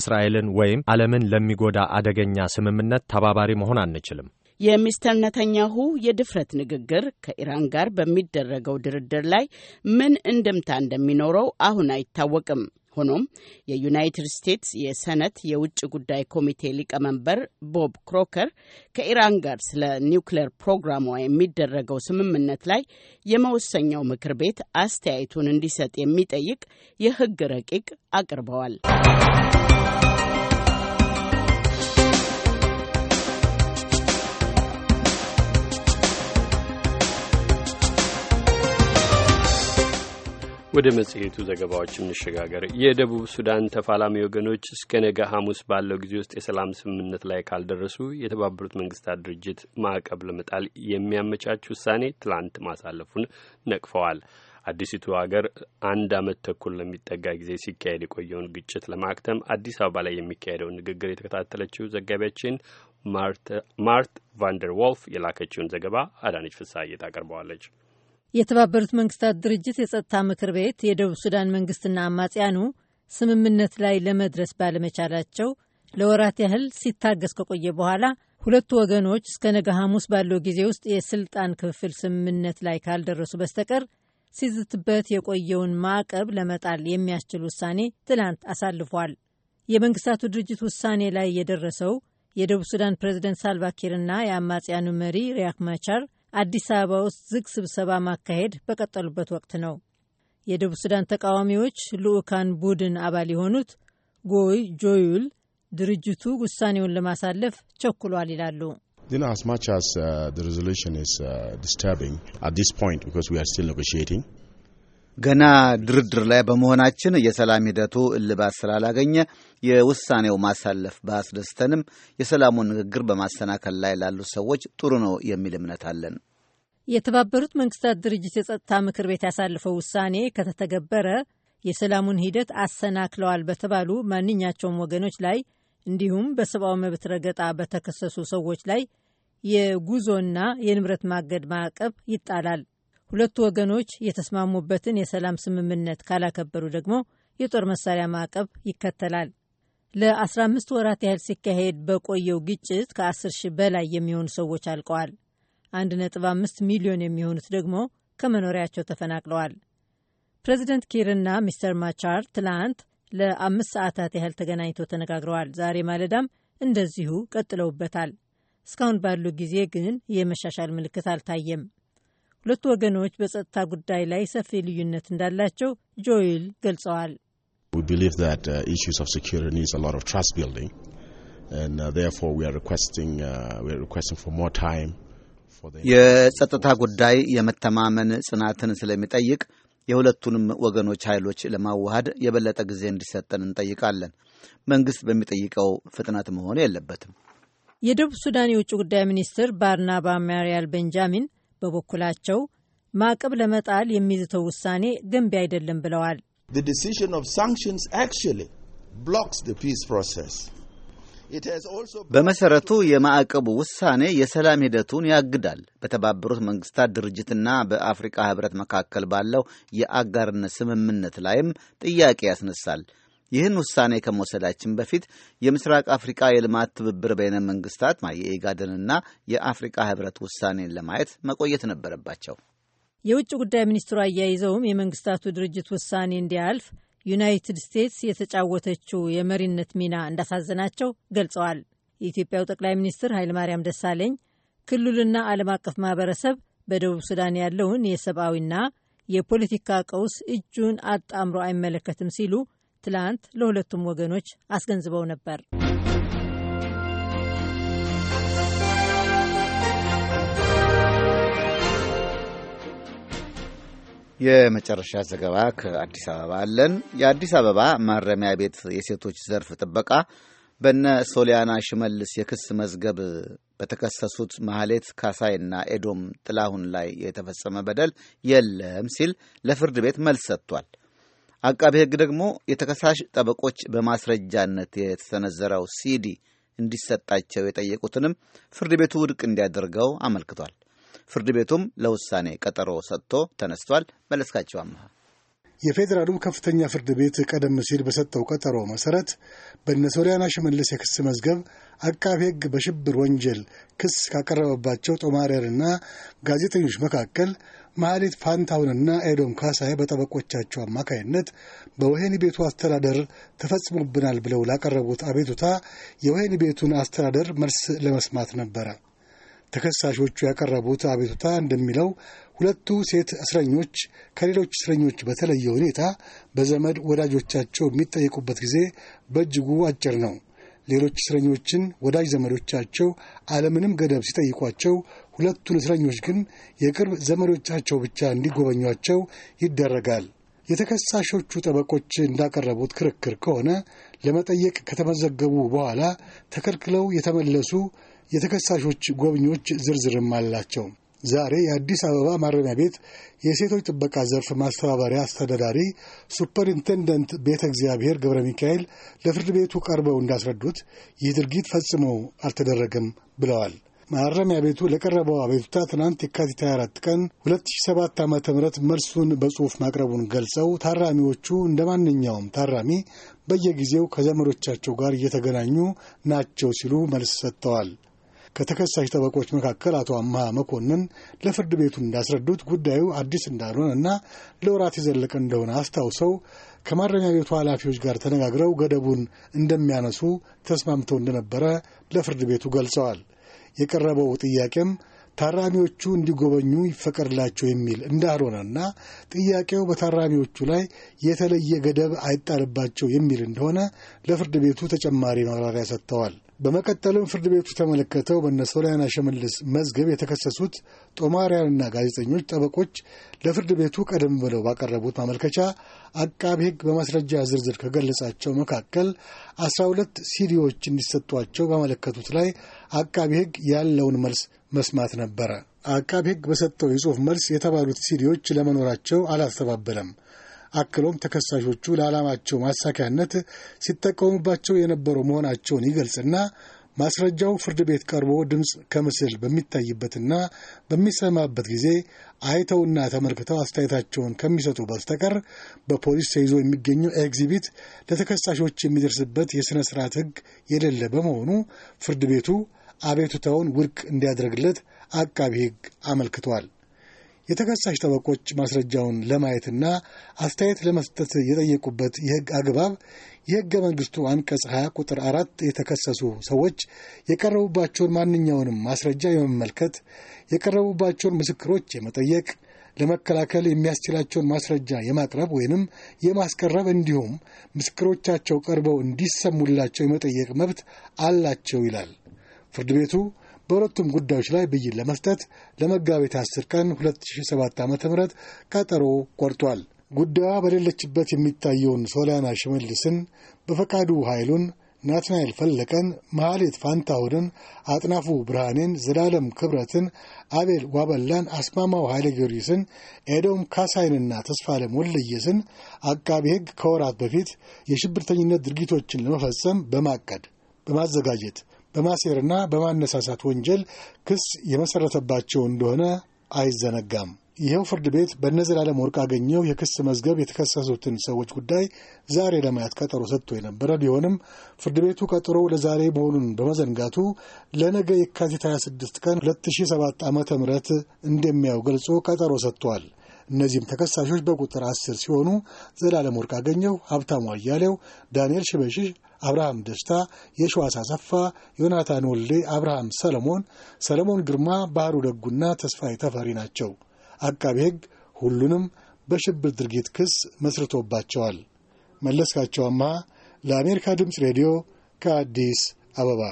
እስራኤልን ወይም ዓለምን ለሚጎዳ አደገኛ ስምምነት ተባባሪ መሆን አንችልም። የሚስተር ነተኛሁ የድፍረት ንግግር ከኢራን ጋር በሚደረገው ድርድር ላይ ምን እንድምታ እንደሚኖረው አሁን አይታወቅም። ሆኖም የዩናይትድ ስቴትስ የሰነት የውጭ ጉዳይ ኮሚቴ ሊቀመንበር ቦብ ክሮከር ከኢራን ጋር ስለ ኒውክሌር ፕሮግራሟ የሚደረገው ስምምነት ላይ የመወሰኛው ምክር ቤት አስተያየቱን እንዲሰጥ የሚጠይቅ የሕግ ረቂቅ አቅርበዋል። ወደ መጽሔቱ ዘገባዎች እንሸጋገር። የደቡብ ሱዳን ተፋላሚ ወገኖች እስከ ነገ ሐሙስ ባለው ጊዜ ውስጥ የሰላም ስምምነት ላይ ካልደረሱ የተባበሩት መንግስታት ድርጅት ማዕቀብ ለመጣል የሚያመቻች ውሳኔ ትላንት ማሳለፉን ነቅፈዋል። አዲሲቱ ሀገር አንድ ዓመት ተኩል ለሚጠጋ ጊዜ ሲካሄድ የቆየውን ግጭት ለማክተም አዲስ አበባ ላይ የሚካሄደውን ንግግር የተከታተለችው ዘጋቢያችን ማርት ቫንደር ዎልፍ የላከችውን ዘገባ አዳነች ፍስሐ ታቀርበዋለች። የተባበሩት መንግስታት ድርጅት የጸጥታ ምክር ቤት የደቡብ ሱዳን መንግስትና አማጽያኑ ስምምነት ላይ ለመድረስ ባለመቻላቸው ለወራት ያህል ሲታገስ ከቆየ በኋላ ሁለቱ ወገኖች እስከ ነገ ሐሙስ ባለው ጊዜ ውስጥ የስልጣን ክፍፍል ስምምነት ላይ ካልደረሱ በስተቀር ሲዝትበት የቆየውን ማዕቀብ ለመጣል የሚያስችል ውሳኔ ትላንት አሳልፏል። የመንግስታቱ ድርጅት ውሳኔ ላይ የደረሰው የደቡብ ሱዳን ፕሬዚደንት ሳልቫኪርና የአማጽያኑ መሪ ሪያክ ማቻር አዲስ አበባ ውስጥ ዝግ ስብሰባ ማካሄድ በቀጠሉበት ወቅት ነው። የደቡብ ሱዳን ተቃዋሚዎች ልዑካን ቡድን አባል የሆኑት ጎይ ጆዩል ድርጅቱ ውሳኔውን ለማሳለፍ ቸኩሏል ይላሉ። አስማች አስ ዘ ሪዞሉሽን ኢዝ ዲስተርቢንግ አት ዲስ ፖይንት ቢኮዝ ዊ አር ስቲል ኔጎሽቲንግ ገና ድርድር ላይ በመሆናችን የሰላም ሂደቱ እልባት ስላላገኘ የውሳኔው ማሳለፍ ባያስደስተንም የሰላሙን ንግግር በማሰናከል ላይ ላሉ ሰዎች ጥሩ ነው የሚል እምነት አለን። የተባበሩት መንግስታት ድርጅት የጸጥታ ምክር ቤት ያሳለፈው ውሳኔ ከተተገበረ የሰላሙን ሂደት አሰናክለዋል በተባሉ ማንኛቸውም ወገኖች ላይ እንዲሁም በሰብአዊ መብት ረገጣ በተከሰሱ ሰዎች ላይ የጉዞና የንብረት ማገድ ማዕቀብ ይጣላል። ሁለቱ ወገኖች የተስማሙበትን የሰላም ስምምነት ካላከበሩ ደግሞ የጦር መሳሪያ ማዕቀብ ይከተላል። ለ15 ወራት ያህል ሲካሄድ በቆየው ግጭት ከ10 ሺህ በላይ የሚሆኑ ሰዎች አልቀዋል። 1.5 ሚሊዮን የሚሆኑት ደግሞ ከመኖሪያቸው ተፈናቅለዋል። ፕሬዚደንት ኪርና ሚስተር ማቻር ትላንት ለአምስት ሰዓታት ያህል ተገናኝቶ ተነጋግረዋል። ዛሬ ማለዳም እንደዚሁ ቀጥለውበታል። እስካሁን ባሉ ጊዜ ግን የመሻሻል ምልክት አልታየም። ሁለቱ ወገኖች በጸጥታ ጉዳይ ላይ ሰፊ ልዩነት እንዳላቸው ጆይል ገልጸዋል። የጸጥታ ጉዳይ የመተማመን ጽናትን ስለሚጠይቅ የሁለቱንም ወገኖች ኃይሎች ለማዋሃድ የበለጠ ጊዜ እንዲሰጠን እንጠይቃለን። መንግሥት በሚጠይቀው ፍጥነት መሆን የለበትም። የደቡብ ሱዳን የውጭ ጉዳይ ሚኒስትር ባርናባ ማርያል ቤንጃሚን በበኩላቸው ማዕቀብ ለመጣል የሚዝተው ውሳኔ ገንቢ አይደለም ብለዋል። በመሰረቱ የማዕቀቡ ውሳኔ የሰላም ሂደቱን ያግዳል። በተባበሩት መንግስታት ድርጅትና በአፍሪካ ህብረት መካከል ባለው የአጋርነት ስምምነት ላይም ጥያቄ ያስነሳል። ይህን ውሳኔ ከመውሰዳችን በፊት የምስራቅ አፍሪቃ የልማት ትብብር በይነ መንግስታት የኢጋድንና የአፍሪቃ ህብረት ውሳኔን ለማየት መቆየት ነበረባቸው። የውጭ ጉዳይ ሚኒስትሩ አያይዘውም የመንግስታቱ ድርጅት ውሳኔ እንዲያልፍ ዩናይትድ ስቴትስ የተጫወተችው የመሪነት ሚና እንዳሳዘናቸው ገልጸዋል። የኢትዮጵያው ጠቅላይ ሚኒስትር ኃይለማርያም ደሳለኝ ክልሉና ዓለም አቀፍ ማህበረሰብ በደቡብ ሱዳን ያለውን የሰብአዊና የፖለቲካ ቀውስ እጁን አጣምሮ አይመለከትም ሲሉ ትላንት ለሁለቱም ወገኖች አስገንዝበው ነበር። የመጨረሻ ዘገባ ከአዲስ አበባ አለን። የአዲስ አበባ ማረሚያ ቤት የሴቶች ዘርፍ ጥበቃ በነ ሶሊያና ሽመልስ የክስ መዝገብ በተከሰሱት ማህሌት ካሳይና ኤዶም ጥላሁን ላይ የተፈጸመ በደል የለም ሲል ለፍርድ ቤት መልስ ሰጥቷል። አቃቤ ሕግ ደግሞ የተከሳሽ ጠበቆች በማስረጃነት የተሰነዘረው ሲዲ እንዲሰጣቸው የጠየቁትንም ፍርድ ቤቱ ውድቅ እንዲያደርገው አመልክቷል። ፍርድ ቤቱም ለውሳኔ ቀጠሮ ሰጥቶ ተነስቷል። መለስካቸው አመሃ የፌዴራሉ ከፍተኛ ፍርድ ቤት ቀደም ሲል በሰጠው ቀጠሮ መሰረት በእነ ሶሊያና ሽመልስ የክስ መዝገብ አቃቤ ሕግ በሽብር ወንጀል ክስ ካቀረበባቸው ጦማርያንና ጋዜጠኞች መካከል ማዕሌት ፋንታውንና ኤዶም ካሳይ በጠበቆቻቸው አማካይነት በወህኒ ቤቱ አስተዳደር ተፈጽሞብናል ብለው ላቀረቡት አቤቱታ የወህኒ ቤቱን አስተዳደር መልስ ለመስማት ነበረ። ተከሳሾቹ ያቀረቡት አቤቱታ እንደሚለው ሁለቱ ሴት እስረኞች ከሌሎች እስረኞች በተለየ ሁኔታ በዘመድ ወዳጆቻቸው የሚጠየቁበት ጊዜ በእጅጉ አጭር ነው። ሌሎች እስረኞችን ወዳጅ ዘመዶቻቸው አለምንም ገደብ ሲጠይቋቸው ሁለቱን እስረኞች ግን የቅርብ ዘመዶቻቸው ብቻ እንዲጎበኟቸው ይደረጋል። የተከሳሾቹ ጠበቆች እንዳቀረቡት ክርክር ከሆነ ለመጠየቅ ከተመዘገቡ በኋላ ተከልክለው የተመለሱ የተከሳሾች ጎብኚዎች ዝርዝርም አላቸው። ዛሬ የአዲስ አበባ ማረሚያ ቤት የሴቶች ጥበቃ ዘርፍ ማስተባበሪያ አስተዳዳሪ ሱፐርኢንቴንደንት ቤተ እግዚአብሔር ገብረ ሚካኤል ለፍርድ ቤቱ ቀርበው እንዳስረዱት ይህ ድርጊት ፈጽሞ አልተደረገም ብለዋል። ማረሚያ ቤቱ ለቀረበው አቤቱታ ትናንት የካቲት 24 ቀን 2007 ዓ ም መልሱን በጽሑፍ ማቅረቡን ገልጸው ታራሚዎቹ እንደ ማንኛውም ታራሚ በየጊዜው ከዘመዶቻቸው ጋር እየተገናኙ ናቸው ሲሉ መልስ ሰጥተዋል። ከተከሳሽ ጠበቆች መካከል አቶ አምሃ መኮንን ለፍርድ ቤቱ እንዳስረዱት ጉዳዩ አዲስ እንዳልሆነ እና ለወራት የዘለቀ እንደሆነ አስታውሰው ከማረሚያ ቤቱ ኃላፊዎች ጋር ተነጋግረው ገደቡን እንደሚያነሱ ተስማምተው እንደነበረ ለፍርድ ቤቱ ገልጸዋል። የቀረበው ጥያቄም ታራሚዎቹ እንዲጎበኙ ይፈቀድላቸው የሚል እንዳልሆነና ጥያቄው በታራሚዎቹ ላይ የተለየ ገደብ አይጣልባቸው የሚል እንደሆነ ለፍርድ ቤቱ ተጨማሪ ማብራሪያ ሰጥተዋል። በመቀጠልም ፍርድ ቤቱ ተመለከተው በነ ሶሊያና ሽመልስ መዝገብ የተከሰሱት ጦማሪያንና ጋዜጠኞች ጠበቆች ለፍርድ ቤቱ ቀደም ብለው ባቀረቡት ማመልከቻ አቃቢ ሕግ በማስረጃ ዝርዝር ከገለጻቸው መካከል አስራ ሁለት ሲዲዎች እንዲሰጧቸው ባመለከቱት ላይ አቃቢ ሕግ ያለውን መልስ መስማት ነበረ። አቃቢ ሕግ በሰጠው የጽሑፍ መልስ የተባሉት ሲዲዎች ለመኖራቸው አላስተባበለም። አክሎም ተከሳሾቹ ለዓላማቸው ማሳኪያነት ሲጠቀሙባቸው የነበሩ መሆናቸውን ይገልጽና ማስረጃው ፍርድ ቤት ቀርቦ ድምፅ ከምስል በሚታይበትና በሚሰማበት ጊዜ አይተውና ተመልክተው አስተያየታቸውን ከሚሰጡ በስተቀር በፖሊስ ተይዞ የሚገኘው ኤግዚቢት ለተከሳሾች የሚደርስበት የሥነ ሥርዓት ሕግ የሌለ በመሆኑ ፍርድ ቤቱ አቤቱታውን ውድቅ እንዲያደርግለት አቃቢ ሕግ አመልክቷል። የተከሳሽ ጠበቆች ማስረጃውን ለማየትና አስተያየት ለመስጠት የጠየቁበት የህግ አግባብ የህገ መንግሥቱ አንቀጽ 20 ቁጥር አራት የተከሰሱ ሰዎች የቀረቡባቸውን ማንኛውንም ማስረጃ የመመልከት የቀረቡባቸውን ምስክሮች የመጠየቅ ለመከላከል የሚያስችላቸውን ማስረጃ የማቅረብ ወይንም የማስቀረብ እንዲሁም ምስክሮቻቸው ቀርበው እንዲሰሙላቸው የመጠየቅ መብት አላቸው ይላል። ፍርድ ቤቱ በሁለቱም ጉዳዮች ላይ ብይን ለመስጠት ለመጋቢት 10 ቀን 2007 ዓ ም ቀጠሮ ቆርጧል። ጉዳዩ በሌለችበት የሚታየውን ሶሊያና ሽመልስን፣ በፈቃዱ ኃይሉን፣ ናትናኤል ፈለቀን፣ መሐሌት ፋንታሁንን፣ አጥናፉ ብርሃኔን፣ ዘላለም ክብረትን፣ አቤል ዋበላን፣ አስማማው ኃይለ ጊዮርጊስን፣ ኤዶም ካሳይንና ተስፋለም ወለየስን አቃቢ ሕግ ከወራት በፊት የሽብርተኝነት ድርጊቶችን ለመፈጸም በማቀድ በማዘጋጀት በማሴርና በማነሳሳት ወንጀል ክስ የመሰረተባቸው እንደሆነ አይዘነጋም። ይኸው ፍርድ ቤት በነዘላለም ወርቅ አገኘው የክስ መዝገብ የተከሰሱትን ሰዎች ጉዳይ ዛሬ ለማየት ቀጠሮ ሰጥቶ የነበረ ቢሆንም ፍርድ ቤቱ ቀጠሮ ለዛሬ መሆኑን በመዘንጋቱ ለነገ የካቲት 26 ቀን 2007 ዓ ም እንደሚያው ገልጾ ቀጠሮ ሰጥቷል። እነዚህም ተከሳሾች በቁጥር 10 ሲሆኑ ዘላለም ወርቅ አገኘው፣ ሀብታሙ አያሌው፣ ዳንኤል ሽበሽሽ አብርሃም ደስታ፣ የሸዋስ አሰፋ፣ ዮናታን ወልዴ፣ አብርሃም ሰለሞን፣ ሰለሞን ግርማ፣ ባህሩ ደጉና ተስፋዬ ተፈሪ ናቸው። አቃቤ ሕግ ሁሉንም በሽብር ድርጊት ክስ መስርቶባቸዋል። መለስካቸው ለአሜሪካ ድምፅ ሬዲዮ ከአዲስ አበባ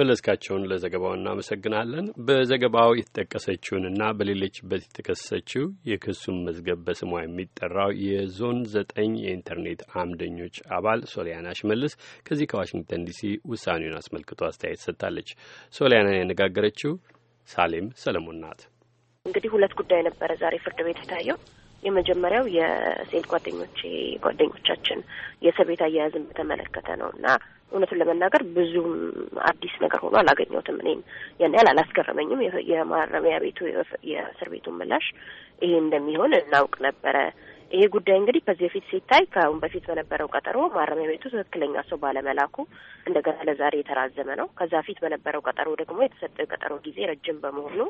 መለስካቸውን ለዘገባው እናመሰግናለን። በዘገባው የተጠቀሰችውንና በሌለችበት የተከሰሰችው የክሱን መዝገብ በስሟ የሚጠራው የዞን ዘጠኝ የኢንተርኔት አምደኞች አባል ሶሊያና ሽመልስ ከዚህ ከዋሽንግተን ዲሲ ውሳኔውን አስመልክቶ አስተያየት ሰጥታለች። ሶሊያናን ያነጋገረችው ሳሌም ሰለሞን ናት። እንግዲህ ሁለት ጉዳይ ነበረ ዛሬ ፍርድ ቤት የታየው የመጀመሪያው የሴት ጓደኞቼ ጓደኞቻችን የሰቤት አያያዝን በተመለከተ ነው እና እውነቱን ለመናገር ብዙም አዲስ ነገር ሆኖ አላገኘሁትም። እኔም ያን ያህል አላስገረመኝም። የማረሚያ ቤቱ የእስር ቤቱን ምላሽ ይሄ እንደሚሆን እናውቅ ነበረ ይሄ ጉዳይ እንግዲህ ከዚህ በፊት ሲታይ ከአሁን በፊት በነበረው ቀጠሮ ማረሚያ ቤቱ ትክክለኛ ሰው ባለመላኩ እንደገና ለዛሬ የተራዘመ ነው። ከዛ ፊት በነበረው ቀጠሮ ደግሞ የተሰጠው የቀጠሮ ጊዜ ረጅም በመሆኑ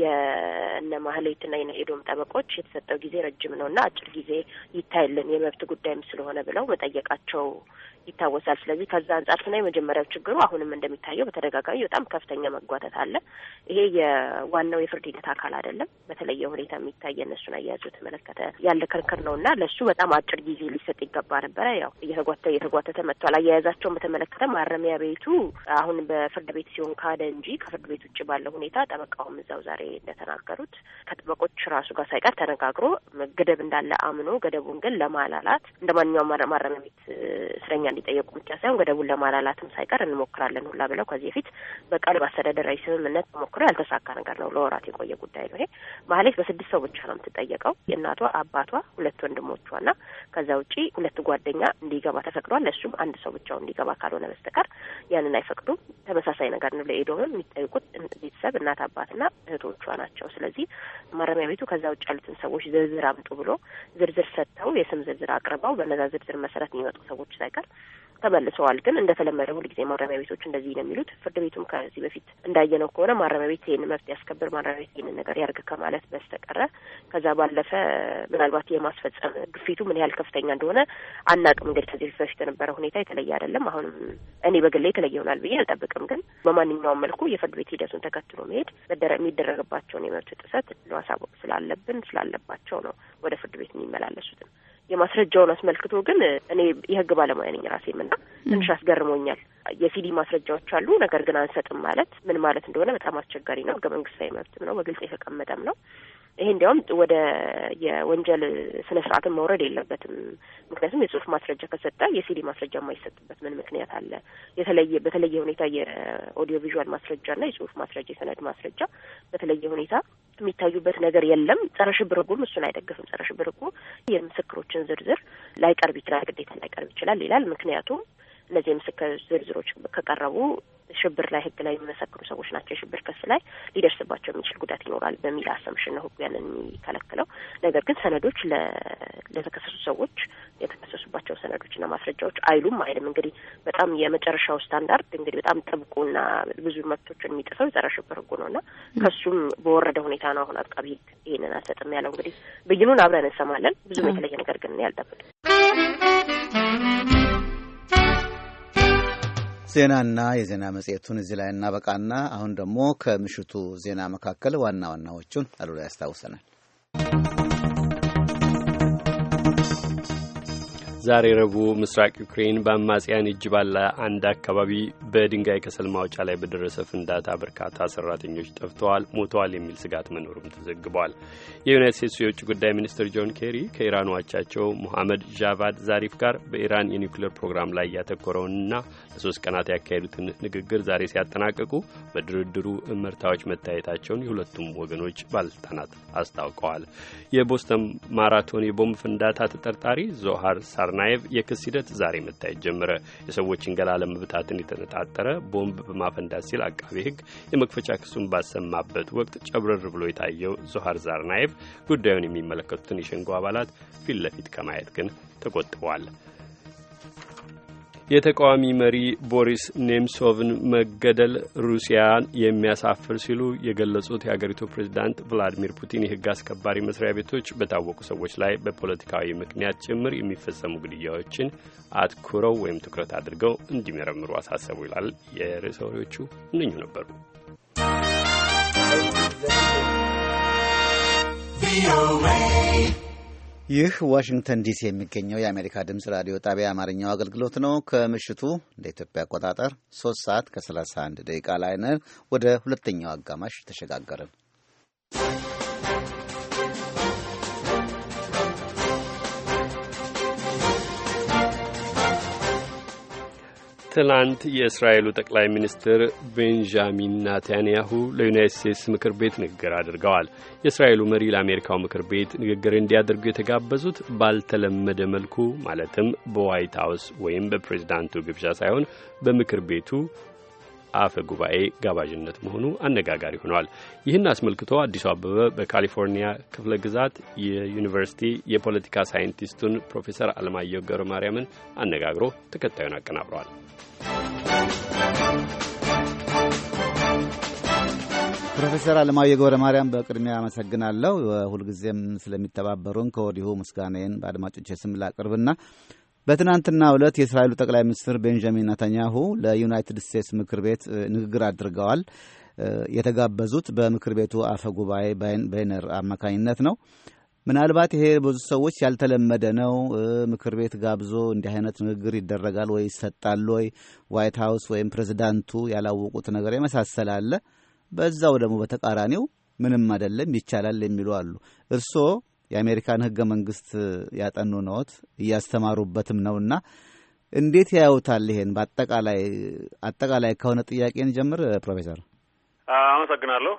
የእነ ማህሌትና የነ ኤዶም ጠበቆች የተሰጠው ጊዜ ረጅም ነው እና አጭር ጊዜ ይታይልን የመብት ጉዳይም ስለሆነ ብለው መጠየቃቸው ይታወሳል። ስለዚህ ከዛ አንጻር ስናይ የመጀመሪያው ችግሩ አሁንም እንደሚታየው በተደጋጋሚ በጣም ከፍተኛ መጓተት አለ። ይሄ የዋናው የፍርድ ሂደት አካል አይደለም። በተለየ ሁኔታ የሚታይ እነሱን አያያዙ የተመለከተ ያለ ክርክር ነው እና ለእሱ በጣም አጭር ጊዜ ሊሰጥ ይገባ ነበረ። ያው እየተጓተ እየተጓተተ መጥቷል። አያያዛቸውን በተመለከተ ማረሚያ ቤቱ አሁን በፍርድ ቤት ሲሆን ካደ እንጂ ከፍርድ ቤት ውጭ ባለው ሁኔታ ጠበቃውም እዛው ዛሬ እንደተናገሩት ከጠበቆች ራሱ ጋር ሳይቀር ተነጋግሮ ገደብ እንዳለ አምኖ ገደቡን ግን ለማላላት እንደ ማንኛውም ማረሚያ ቤት እስረኛ እንዲጠየቁ ብቻ ሳይሆን ገደቡን ለማላላትም ሳይቀር እንሞክራለን ሁላ ብለው ከዚህ በፊት በቃል በአስተዳደራዊ ስምምነት ተሞክሮ ያልተሳካ ነገር ነው። ለወራት የቆየ ጉዳይ ነው። ይሄ ማህሌት በስድስት ሰው ብቻ ነው የምትጠየቀው። እናቷ፣ አባቷ፣ ሁለት ወንድሞቿ ና ከዛ ውጪ ሁለት ጓደኛ እንዲገባ ተፈቅዷል። እሱም አንድ ሰው ብቻው እንዲገባ ካልሆነ በስተቀር ያንን አይፈቅዱም። ተመሳሳይ ነገር ነው። ለኤዶምም የሚጠይቁት ቤተሰብ እናት፣ አባትና እህቶቿ ናቸው። ስለዚህ ማረሚያ ቤቱ ከዛ ውጭ ያሉትን ሰዎች ዝርዝር አምጡ ብሎ ዝርዝር ሰጥተው የስም ዝርዝር አቅርበው በነዛ ዝርዝር መሰረት የሚመጡ ሰዎች ሳይቀር ተመልሰዋል። ግን እንደተለመደ ሁልጊዜ ማረሚያ ቤቶች እንደዚህ ነው የሚሉት። ፍርድ ቤቱም ከዚህ በፊት እንዳየነው ከሆነ ማረሚያ ቤት ይህን መብት ያስከብር፣ ማረሚያ ቤት ይህንን ነገር ያርግ ከማለት በስተቀረ ከዛ ባለፈ ምናልባት የማስፈጸም ግፊቱ ምን ያህል ከፍተኛ እንደሆነ አናቅም። እንግዲህ ከዚህ በፊት የነበረ ሁኔታ የተለየ አይደለም። አሁንም እኔ በግሌ የተለየ ይሆናል ብዬ አልጠብቅም። ግን በማንኛውም መልኩ የፍርድ ቤት ሂደቱን ተከትሎ መሄድ የሚደረግባቸውን የመብት ጥሰት ማሳወቅ ስላለብን ስላለባቸው ነው ወደ ፍርድ ቤት የሚመላለሱትም የማስረጃውን አስመልክቶ ግን እኔ የህግ ባለሙያ ነኝ ራሴም እና ትንሽ አስገርሞኛል። የሲዲ ማስረጃዎች አሉ፣ ነገር ግን አንሰጥም ማለት ምን ማለት እንደሆነ በጣም አስቸጋሪ ነው። ህገ መንግስታዊ መብትም ነው፣ በግልጽ የተቀመጠም ነው። ይሄ እንዲያውም ወደ የወንጀል ስነ ስርዓትን መውረድ የለበትም። ምክንያቱም የጽሁፍ ማስረጃ ከሰጠ የሲዲ ማስረጃ የማይሰጥበት ምን ምክንያት አለ? የተለየ በተለየ ሁኔታ የኦዲዮ ቪዥዋል ማስረጃና የጽሁፍ ማስረጃ የሰነድ ማስረጃ በተለየ ሁኔታ የሚታዩበት ነገር የለም። ጸረ ሽብር ህጉም እሱን አይደግፍም። ጸረ ሽብር ህጉ የምስክሮችን ዝርዝር ላይቀርብ ይችላል፣ ግዴታ ላይቀርብ ይችላል ይላል። ምክንያቱም እነዚህ የምስክር ዝርዝሮች ከቀረቡ ሽብር ላይ ህግ ላይ የሚመሰክሩ ሰዎች ናቸው። የሽብር ክስ ላይ ሊደርስባቸው የሚችል ጉዳት ይኖራል በሚል አሰምሽን ነው ህጉ ያንን የሚከለክለው። ነገር ግን ሰነዶች ለተከሰሱ ሰዎች የተከሰሱባቸው ሰነዶችና ማስረጃዎች አይሉም አይልም። እንግዲህ በጣም የመጨረሻው ስታንዳርድ እንግዲህ በጣም ጥብቁና ብዙ መብቶችን የሚጥሰው የጸረ ሽብር ህጉ ነው እና ከሱም በወረደ ሁኔታ ነው አሁን አቃቢ ህግ ይህንን አልሰጥም ያለው። እንግዲህ ብይኑን አብረን እንሰማለን። ብዙም የተለየ ነገር ግን ያልጠብቅ ዜናና የዜና መጽሔቱን እዚህ ላይ እናበቃና አሁን ደግሞ ከምሽቱ ዜና መካከል ዋና ዋናዎቹን አሉላ ያስታውሰናል። ዛሬ ረቡዕ ምስራቅ ዩክሬን በአማጽያን እጅ ባለ አንድ አካባቢ በድንጋይ ከሰል ማውጫ ላይ በደረሰ ፍንዳታ በርካታ ሰራተኞች ጠፍተዋል፣ ሞተዋል የሚል ስጋት መኖሩም ተዘግቧል። የዩናይት ስቴትሱ የውጭ ጉዳይ ሚኒስትር ጆን ኬሪ ከኢራን አቻቸው ሙሐመድ ዣቫድ ዛሪፍ ጋር በኢራን የኒውክሌር ፕሮግራም ላይ ያተኮረውንና ለሶስት ቀናት ያካሄዱትን ንግግር ዛሬ ሲያጠናቀቁ በድርድሩ እመርታዎች መታየታቸውን የሁለቱም ወገኖች ባለስልጣናት አስታውቀዋል። የቦስተን ማራቶን የቦምብ ፍንዳታ ተጠርጣሪ ዞሃር ሳርናየቭ የክስ ሂደት ዛሬ መታየት ጀመረ። የሰዎችን ገላ ለመብታትን የተነጣጠረ ቦምብ በማፈንዳት ሲል አቃቤ ሕግ የመክፈቻ ክሱን ባሰማበት ወቅት ጨብረር ብሎ የታየው ዞሃር ዛርናየቭ ጉዳዩን የሚመለከቱትን የሸንጎ አባላት ፊት ለፊት ከማየት ግን ተቆጥበዋል። የተቃዋሚ መሪ ቦሪስ ኔምሶቭን መገደል ሩሲያን የሚያሳፍር ሲሉ የገለጹት የአገሪቱ ፕሬዚዳንት ቭላዲሚር ፑቲን የሕግ አስከባሪ መስሪያ ቤቶች በታወቁ ሰዎች ላይ በፖለቲካዊ ምክንያት ጭምር የሚፈጸሙ ግድያዎችን አትኩረው ወይም ትኩረት አድርገው እንዲመረምሩ አሳሰቡ ይላል። የርዕሰ ወሬዎቹ እነኙ ነበሩ። ቪኦኤ ይህ ዋሽንግተን ዲሲ የሚገኘው የአሜሪካ ድምፅ ራዲዮ ጣቢያ የአማርኛው አገልግሎት ነው። ከምሽቱ እንደ ኢትዮጵያ አቆጣጠር 3 ሰዓት ከ31 ደቂቃ ላይ ነን። ወደ ሁለተኛው አጋማሽ ተሸጋገርን። ትላንት የእስራኤሉ ጠቅላይ ሚኒስትር ቤንጃሚን ናታንያሁ ለዩናይት ስቴትስ ምክር ቤት ንግግር አድርገዋል። የእስራኤሉ መሪ ለአሜሪካው ምክር ቤት ንግግር እንዲያደርጉ የተጋበዙት ባልተለመደ መልኩ ማለትም በዋይት ሀውስ ወይም በፕሬዚዳንቱ ግብዣ ሳይሆን በምክር ቤቱ አፈ ጉባኤ ጋባዥነት መሆኑ አነጋጋሪ ሆኗል። ይህን አስመልክቶ አዲሱ አበበ በካሊፎርኒያ ክፍለ ግዛት የዩኒቨርሲቲ የፖለቲካ ሳይንቲስቱን ፕሮፌሰር አለማየሁ ገብረ ማርያምን አነጋግሮ ተከታዩን አቀናብረዋል። ፕሮፌሰር አለማየሁ ገብረ ማርያም በቅድሚያ አመሰግናለሁ። ሁልጊዜም ስለሚተባበሩን ከወዲሁ ምስጋናዬን በአድማጮች ስም ላቅርብና በትናንትናው ዕለት የእስራኤሉ ጠቅላይ ሚኒስትር ቤንጃሚን ነታንያሁ ለዩናይትድ ስቴትስ ምክር ቤት ንግግር አድርገዋል። የተጋበዙት በምክር ቤቱ አፈ ጉባኤ ባይነር አማካኝነት ነው። ምናልባት ይሄ ብዙ ሰዎች ያልተለመደ ነው። ምክር ቤት ጋብዞ እንዲህ አይነት ንግግር ይደረጋል ወይ ይሰጣል ወይ ዋይት ሀውስ ወይም ፕሬዚዳንቱ ያላወቁት ነገር የመሳሰል አለ። በዛው ደግሞ በተቃራኒው ምንም አይደለም ይቻላል የሚሉ አሉ። እርስዎ የአሜሪካን ህገ መንግስት ያጠኑ ነዎት፣ እያስተማሩበትም ነውና እንዴት ያዩታል? ይሄን በአጠቃላይ አጠቃላይ ከሆነ ጥያቄን ጀምር ፕሮፌሰር። አመሰግናለሁ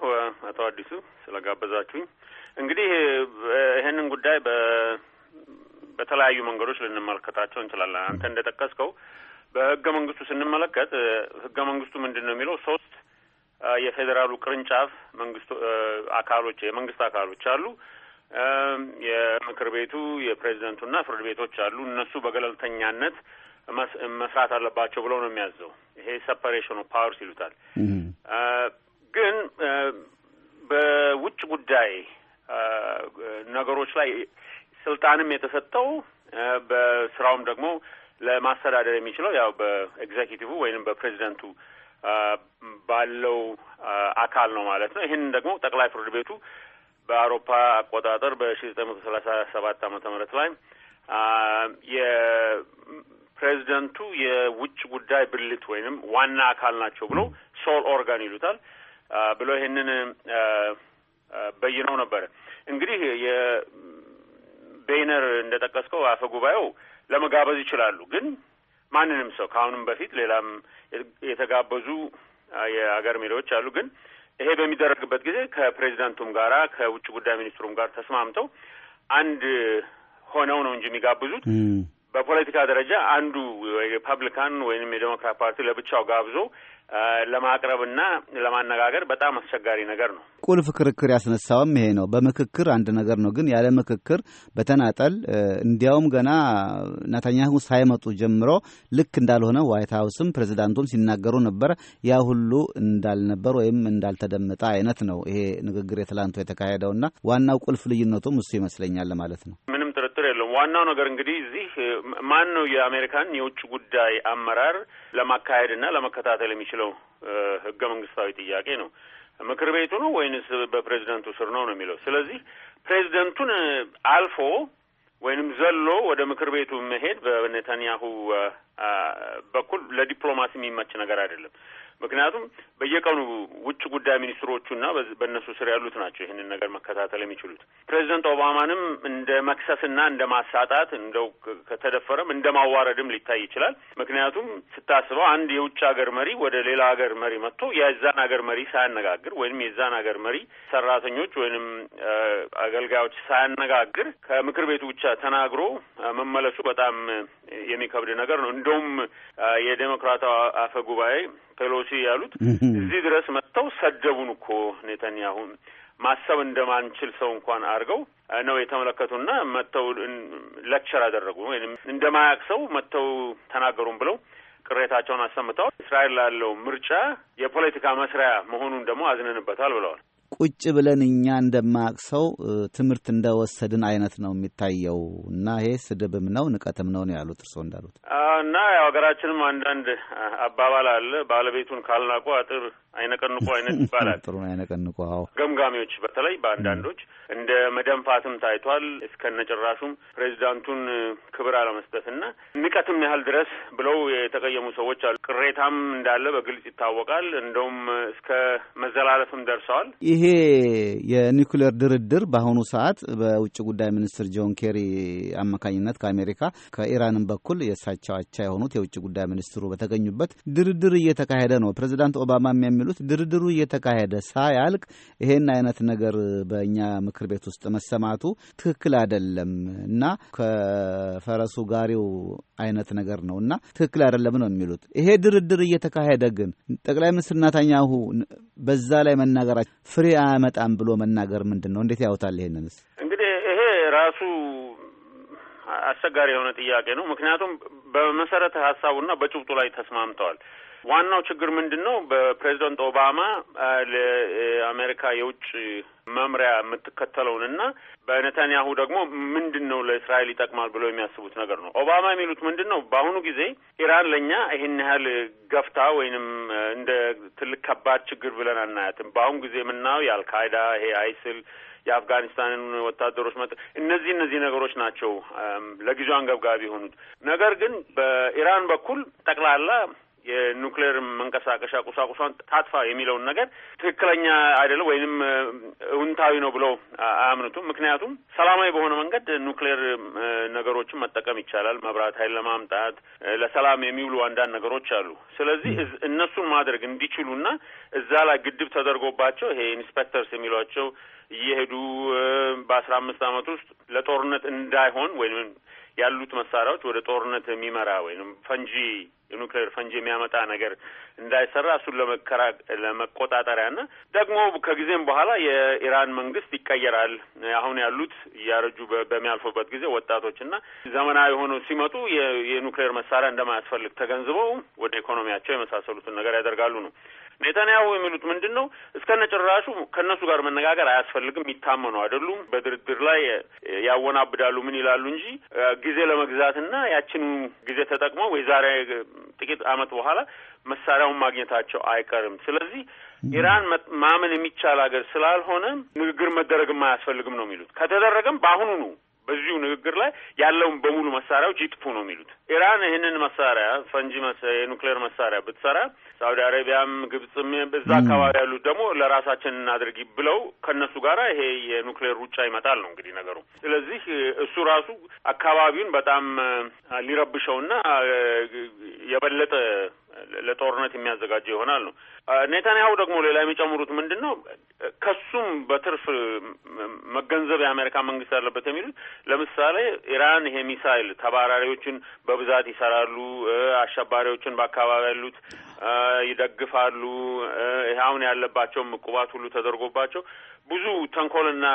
አቶ አዲሱ ስለጋበዛችሁኝ። እንግዲህ ይህንን ጉዳይ በተለያዩ መንገዶች ልንመለከታቸው እንችላለን። አንተ እንደ ጠቀስከው በህገ መንግስቱ ስንመለከት ህገ መንግስቱ ምንድን ነው የሚለው ሶስት የፌዴራሉ ቅርንጫፍ መንግስቱ አካሎች የመንግስት አካሎች አሉ። የምክር ቤቱ የፕሬዚደንቱና ፍርድ ቤቶች አሉ። እነሱ በገለልተኛነት መስራት አለባቸው ብለው ነው የሚያዘው። ይሄ ሰፐሬሽን ኦፍ ፓወርስ ይሉታል። ግን በውጭ ጉዳይ ነገሮች ላይ ስልጣንም የተሰጠው በስራውም ደግሞ ለማስተዳደር የሚችለው ያው በኤግዜኪቲቭ ወይንም በፕሬዚደንቱ ባለው አካል ነው ማለት ነው። ይህንን ደግሞ ጠቅላይ ፍርድ ቤቱ በአውሮፓ አቆጣጠር በሺ ዘጠኝ መቶ ሰላሳ ሰባት አመተ ምህረት ላይ የፕሬዚደንቱ የውጭ ጉዳይ ብልት ወይንም ዋና አካል ናቸው ብሎ ሶል ኦርጋን ይሉታል ብሎ ይህንን በይነው ነበረ። እንግዲህ የቤይነር እንደ ጠቀስከው አፈ ጉባኤው ለመጋበዝ ይችላሉ። ግን ማንንም ሰው ከአሁንም በፊት ሌላም የተጋበዙ የሀገር መሪዎች አሉ። ግን ይሄ በሚደረግበት ጊዜ ከፕሬዚዳንቱም ጋር ከውጭ ጉዳይ ሚኒስትሩም ጋር ተስማምተው አንድ ሆነው ነው እንጂ የሚጋብዙት በፖለቲካ ደረጃ አንዱ የሪፐብሊካን ወይም የዴሞክራት ፓርቲ ለብቻው ጋብዞ ለማቅረብ ለማነጋገር በጣም አስቸጋሪ ነገር ነው። ቁልፍ ክርክር ያስነሳውም ይሄ ነው። በምክክር አንድ ነገር ነው፣ ግን ያለ ምክክር በተናጠል እንዲያውም ገና ናታንያሁ ሳይመጡ ጀምሮ ልክ እንዳልሆነ ዋይት ሀውስም ፕሬዚዳንቱም ሲናገሩ ነበር። ያ ሁሉ እንዳልነበር ወይም እንዳልተደመጠ አይነት ነው ይሄ ንግግር የትላንቱ የተካሄደውና ዋናው ቁልፍ ልዩነቱም እሱ ይመስለኛል ማለት ነው። ምንም ዋናው ነገር እንግዲህ እዚህ ማን ነው የአሜሪካን የውጭ ጉዳይ አመራር ለማካሄድና ለመከታተል የሚችለው ህገ መንግስታዊ ጥያቄ ነው። ምክር ቤቱ ነው ወይንስ በፕሬዚደንቱ ስር ነው ነው የሚለው። ስለዚህ ፕሬዚደንቱን አልፎ ወይንም ዘሎ ወደ ምክር ቤቱ መሄድ በኔታንያሁ በኩል ለዲፕሎማሲ የሚመች ነገር አይደለም። ምክንያቱም በየቀኑ ውጭ ጉዳይ ሚኒስትሮቹ ና በእነሱ ስር ያሉት ናቸው ይህንን ነገር መከታተል የሚችሉት። ፕሬዚደንት ኦባማንም እንደ መክሰስና እንደ ማሳጣት እንደው ከተደፈረም እንደ ማዋረድም ሊታይ ይችላል። ምክንያቱም ስታስበው አንድ የውጭ ሀገር መሪ ወደ ሌላ ሀገር መሪ መጥቶ የዛን ሀገር መሪ ሳያነጋግር ወይም የዛን ሀገር መሪ ሰራተኞች ወይንም አገልጋዮች ሳያነጋግር ከምክር ቤቱ ብቻ ተናግሮ መመለሱ በጣም የሚከብድ ነገር ነው። እንደውም የዴሞክራቷ አፈ ጉባኤ ፔሎሲ ያሉት እዚህ ድረስ መጥተው ሰደቡን እኮ ኔታንያሁ ማሰብ እንደማንችል ሰው እንኳን አድርገው ነው የተመለከቱና መጥተው ለክቸር አደረጉ ወይም እንደማያውቅ ሰው መጥተው ተናገሩን ብለው ቅሬታቸውን አሰምተዋል። እስራኤል ላለው ምርጫ የፖለቲካ መስሪያ መሆኑን ደግሞ አዝነንበታል ብለዋል። ቁጭ ብለን እኛ እንደማያቅሰው ትምህርት እንደወሰድን አይነት ነው የሚታየው እና ይሄ ስድብም ነው ንቀትም ነው ነው ያሉት እርስዎ እንዳሉት እና ያው ሀገራችንም አንዳንድ አባባል አለ ባለቤቱን ካልናቁ አጥር አይነቀንቁ አይነት ይባላል። *laughs* ጥሩ ነው። አይነቀንቁ አዎ። ገምጋሚዎች በተለይ በአንዳንዶች እንደ መደንፋትም ታይቷል። ጭራሹም ፕሬዚዳንቱን ክብር አለመስጠትና ንቀትም ያህል ድረስ ብለው የተቀየሙ ሰዎች አሉ። ቅሬታም እንዳለ በግልጽ ይታወቃል። እንደውም እስከ መዘላለፍም ደርሰዋል። ይሄ የኒውክሌር ድርድር በአሁኑ ሰዓት በውጭ ጉዳይ ሚኒስትር ጆን ኬሪ አማካኝነት ከአሜሪካ ከኢራንም በኩል የእሳቸው አቻ የሆኑት የውጭ ጉዳይ ሚኒስትሩ በተገኙበት ድርድር እየተካሄደ ነው። ፕሬዚዳንት ኦባማ እንደሚሉት ድርድሩ እየተካሄደ ሳያልቅ ይሄን አይነት ነገር በእኛ ምክር ቤት ውስጥ መሰማቱ ትክክል አይደለም እና ከፈረሱ ጋሪው አይነት ነገር ነው እና ትክክል አይደለም ነው የሚሉት። ይሄ ድርድር እየተካሄደ ግን ጠቅላይ ሚኒስትር ናታኛሁ በዛ ላይ መናገራቸው ፍሬ አያመጣም ብሎ መናገር ምንድን ነው? እንዴት ያውታል? ይሄንንስ እንግዲህ ይሄ ራሱ አስቸጋሪ የሆነ ጥያቄ ነው። ምክንያቱም በመሰረተ ሀሳቡና በጭብጡ ላይ ተስማምተዋል። ዋናው ችግር ምንድን ነው? በፕሬዚደንት ኦባማ ለአሜሪካ የውጭ መምሪያ የምትከተለውን እና በኔታንያሁ ደግሞ ምንድን ነው ለእስራኤል ይጠቅማል ብለው የሚያስቡት ነገር ነው። ኦባማ የሚሉት ምንድን ነው? በአሁኑ ጊዜ ኢራን ለእኛ ይህን ያህል ገፍታ ወይንም እንደ ትልቅ ከባድ ችግር ብለን አናያትም። በአሁኑ ጊዜ የምናየው የአልካይዳ ይሄ አይስል የአፍጋኒስታንን ወታደሮች መጥ እነዚህ እነዚህ ነገሮች ናቸው ለጊዜው አንገብጋቢ የሆኑት። ነገር ግን በኢራን በኩል ጠቅላላ የኑክሌር መንቀሳቀሻ ቁሳቁሷን ታጥፋ የሚለውን ነገር ትክክለኛ አይደለም ወይንም እውንታዊ ነው ብለው አያምኑትም። ምክንያቱም ሰላማዊ በሆነ መንገድ ኑክሌር ነገሮችን መጠቀም ይቻላል። መብራት ኃይል ለማምጣት ለሰላም የሚውሉ አንዳንድ ነገሮች አሉ። ስለዚህ እነሱን ማድረግ እንዲችሉና እዛ ላይ ግድብ ተደርጎባቸው ይሄ ኢንስፔክተርስ የሚሏቸው እየሄዱ በአስራ አምስት አመት ውስጥ ለጦርነት እንዳይሆን ወይም ያሉት መሳሪያዎች ወደ ጦርነት የሚመራ ወይም ፈንጂ የኑክሌር ፈንጂ የሚያመጣ ነገር እንዳይሰራ እሱን ለመከራ ለመቆጣጠሪያና ደግሞ ከጊዜም በኋላ የኢራን መንግስት ይቀየራል። አሁን ያሉት እያረጁ በሚያልፉበት ጊዜ ወጣቶችና ዘመናዊ ሆነው ሲመጡ የኑክሌር መሳሪያ እንደማያስፈልግ ተገንዝበው ወደ ኢኮኖሚያቸው የመሳሰሉትን ነገር ያደርጋሉ ነው። ኔታንያሁ የሚሉት ምንድን ነው? እስከነ ጭራሹ ከእነሱ ጋር መነጋገር አያስፈልግም፣ ይታመኑ አይደሉም፣ በድርድር ላይ ያወናብዳሉ፣ ምን ይላሉ እንጂ ጊዜ ለመግዛትና ያችን ጊዜ ተጠቅመው ወይ ዛሬ ጥቂት ዓመት በኋላ መሳሪያውን ማግኘታቸው አይቀርም። ስለዚህ ኢራን ማመን የሚቻል ሀገር ስላልሆነ ንግግር መደረግም አያስፈልግም ነው የሚሉት። ከተደረገም በአሁኑ ነው በዚሁ ንግግር ላይ ያለውን በሙሉ መሳሪያዎች ይጥፉ ነው የሚሉት። ኢራን ይህንን መሳሪያ ፈንጂ የኑክሌር መሳሪያ ብትሰራ ሳውዲ አረቢያም ግብጽም በዛ አካባቢ ያሉት ደግሞ ለራሳችን እናድርግ ብለው ከእነሱ ጋር ይሄ የኑክሌር ሩጫ ይመጣል ነው እንግዲህ ነገሩ። ስለዚህ እሱ ራሱ አካባቢውን በጣም ሊረብሸውና የበለጠ ለጦርነት የሚያዘጋጀው ይሆናል ነው ኔታንያሁ ደግሞ ሌላ የሚጨምሩት ምንድን ነው? ከሱም በትርፍ መገንዘብ የአሜሪካ መንግስት አለበት የሚሉት ለምሳሌ ኢራን ይሄ ሚሳይል ተባራሪዎችን በብዛት ይሰራሉ፣ አሸባሪዎችን በአካባቢ ያሉት ይደግፋሉ፣ ይሄ አሁን ያለባቸውም ዕቁባት ሁሉ ተደርጎባቸው ብዙ ተንኮልና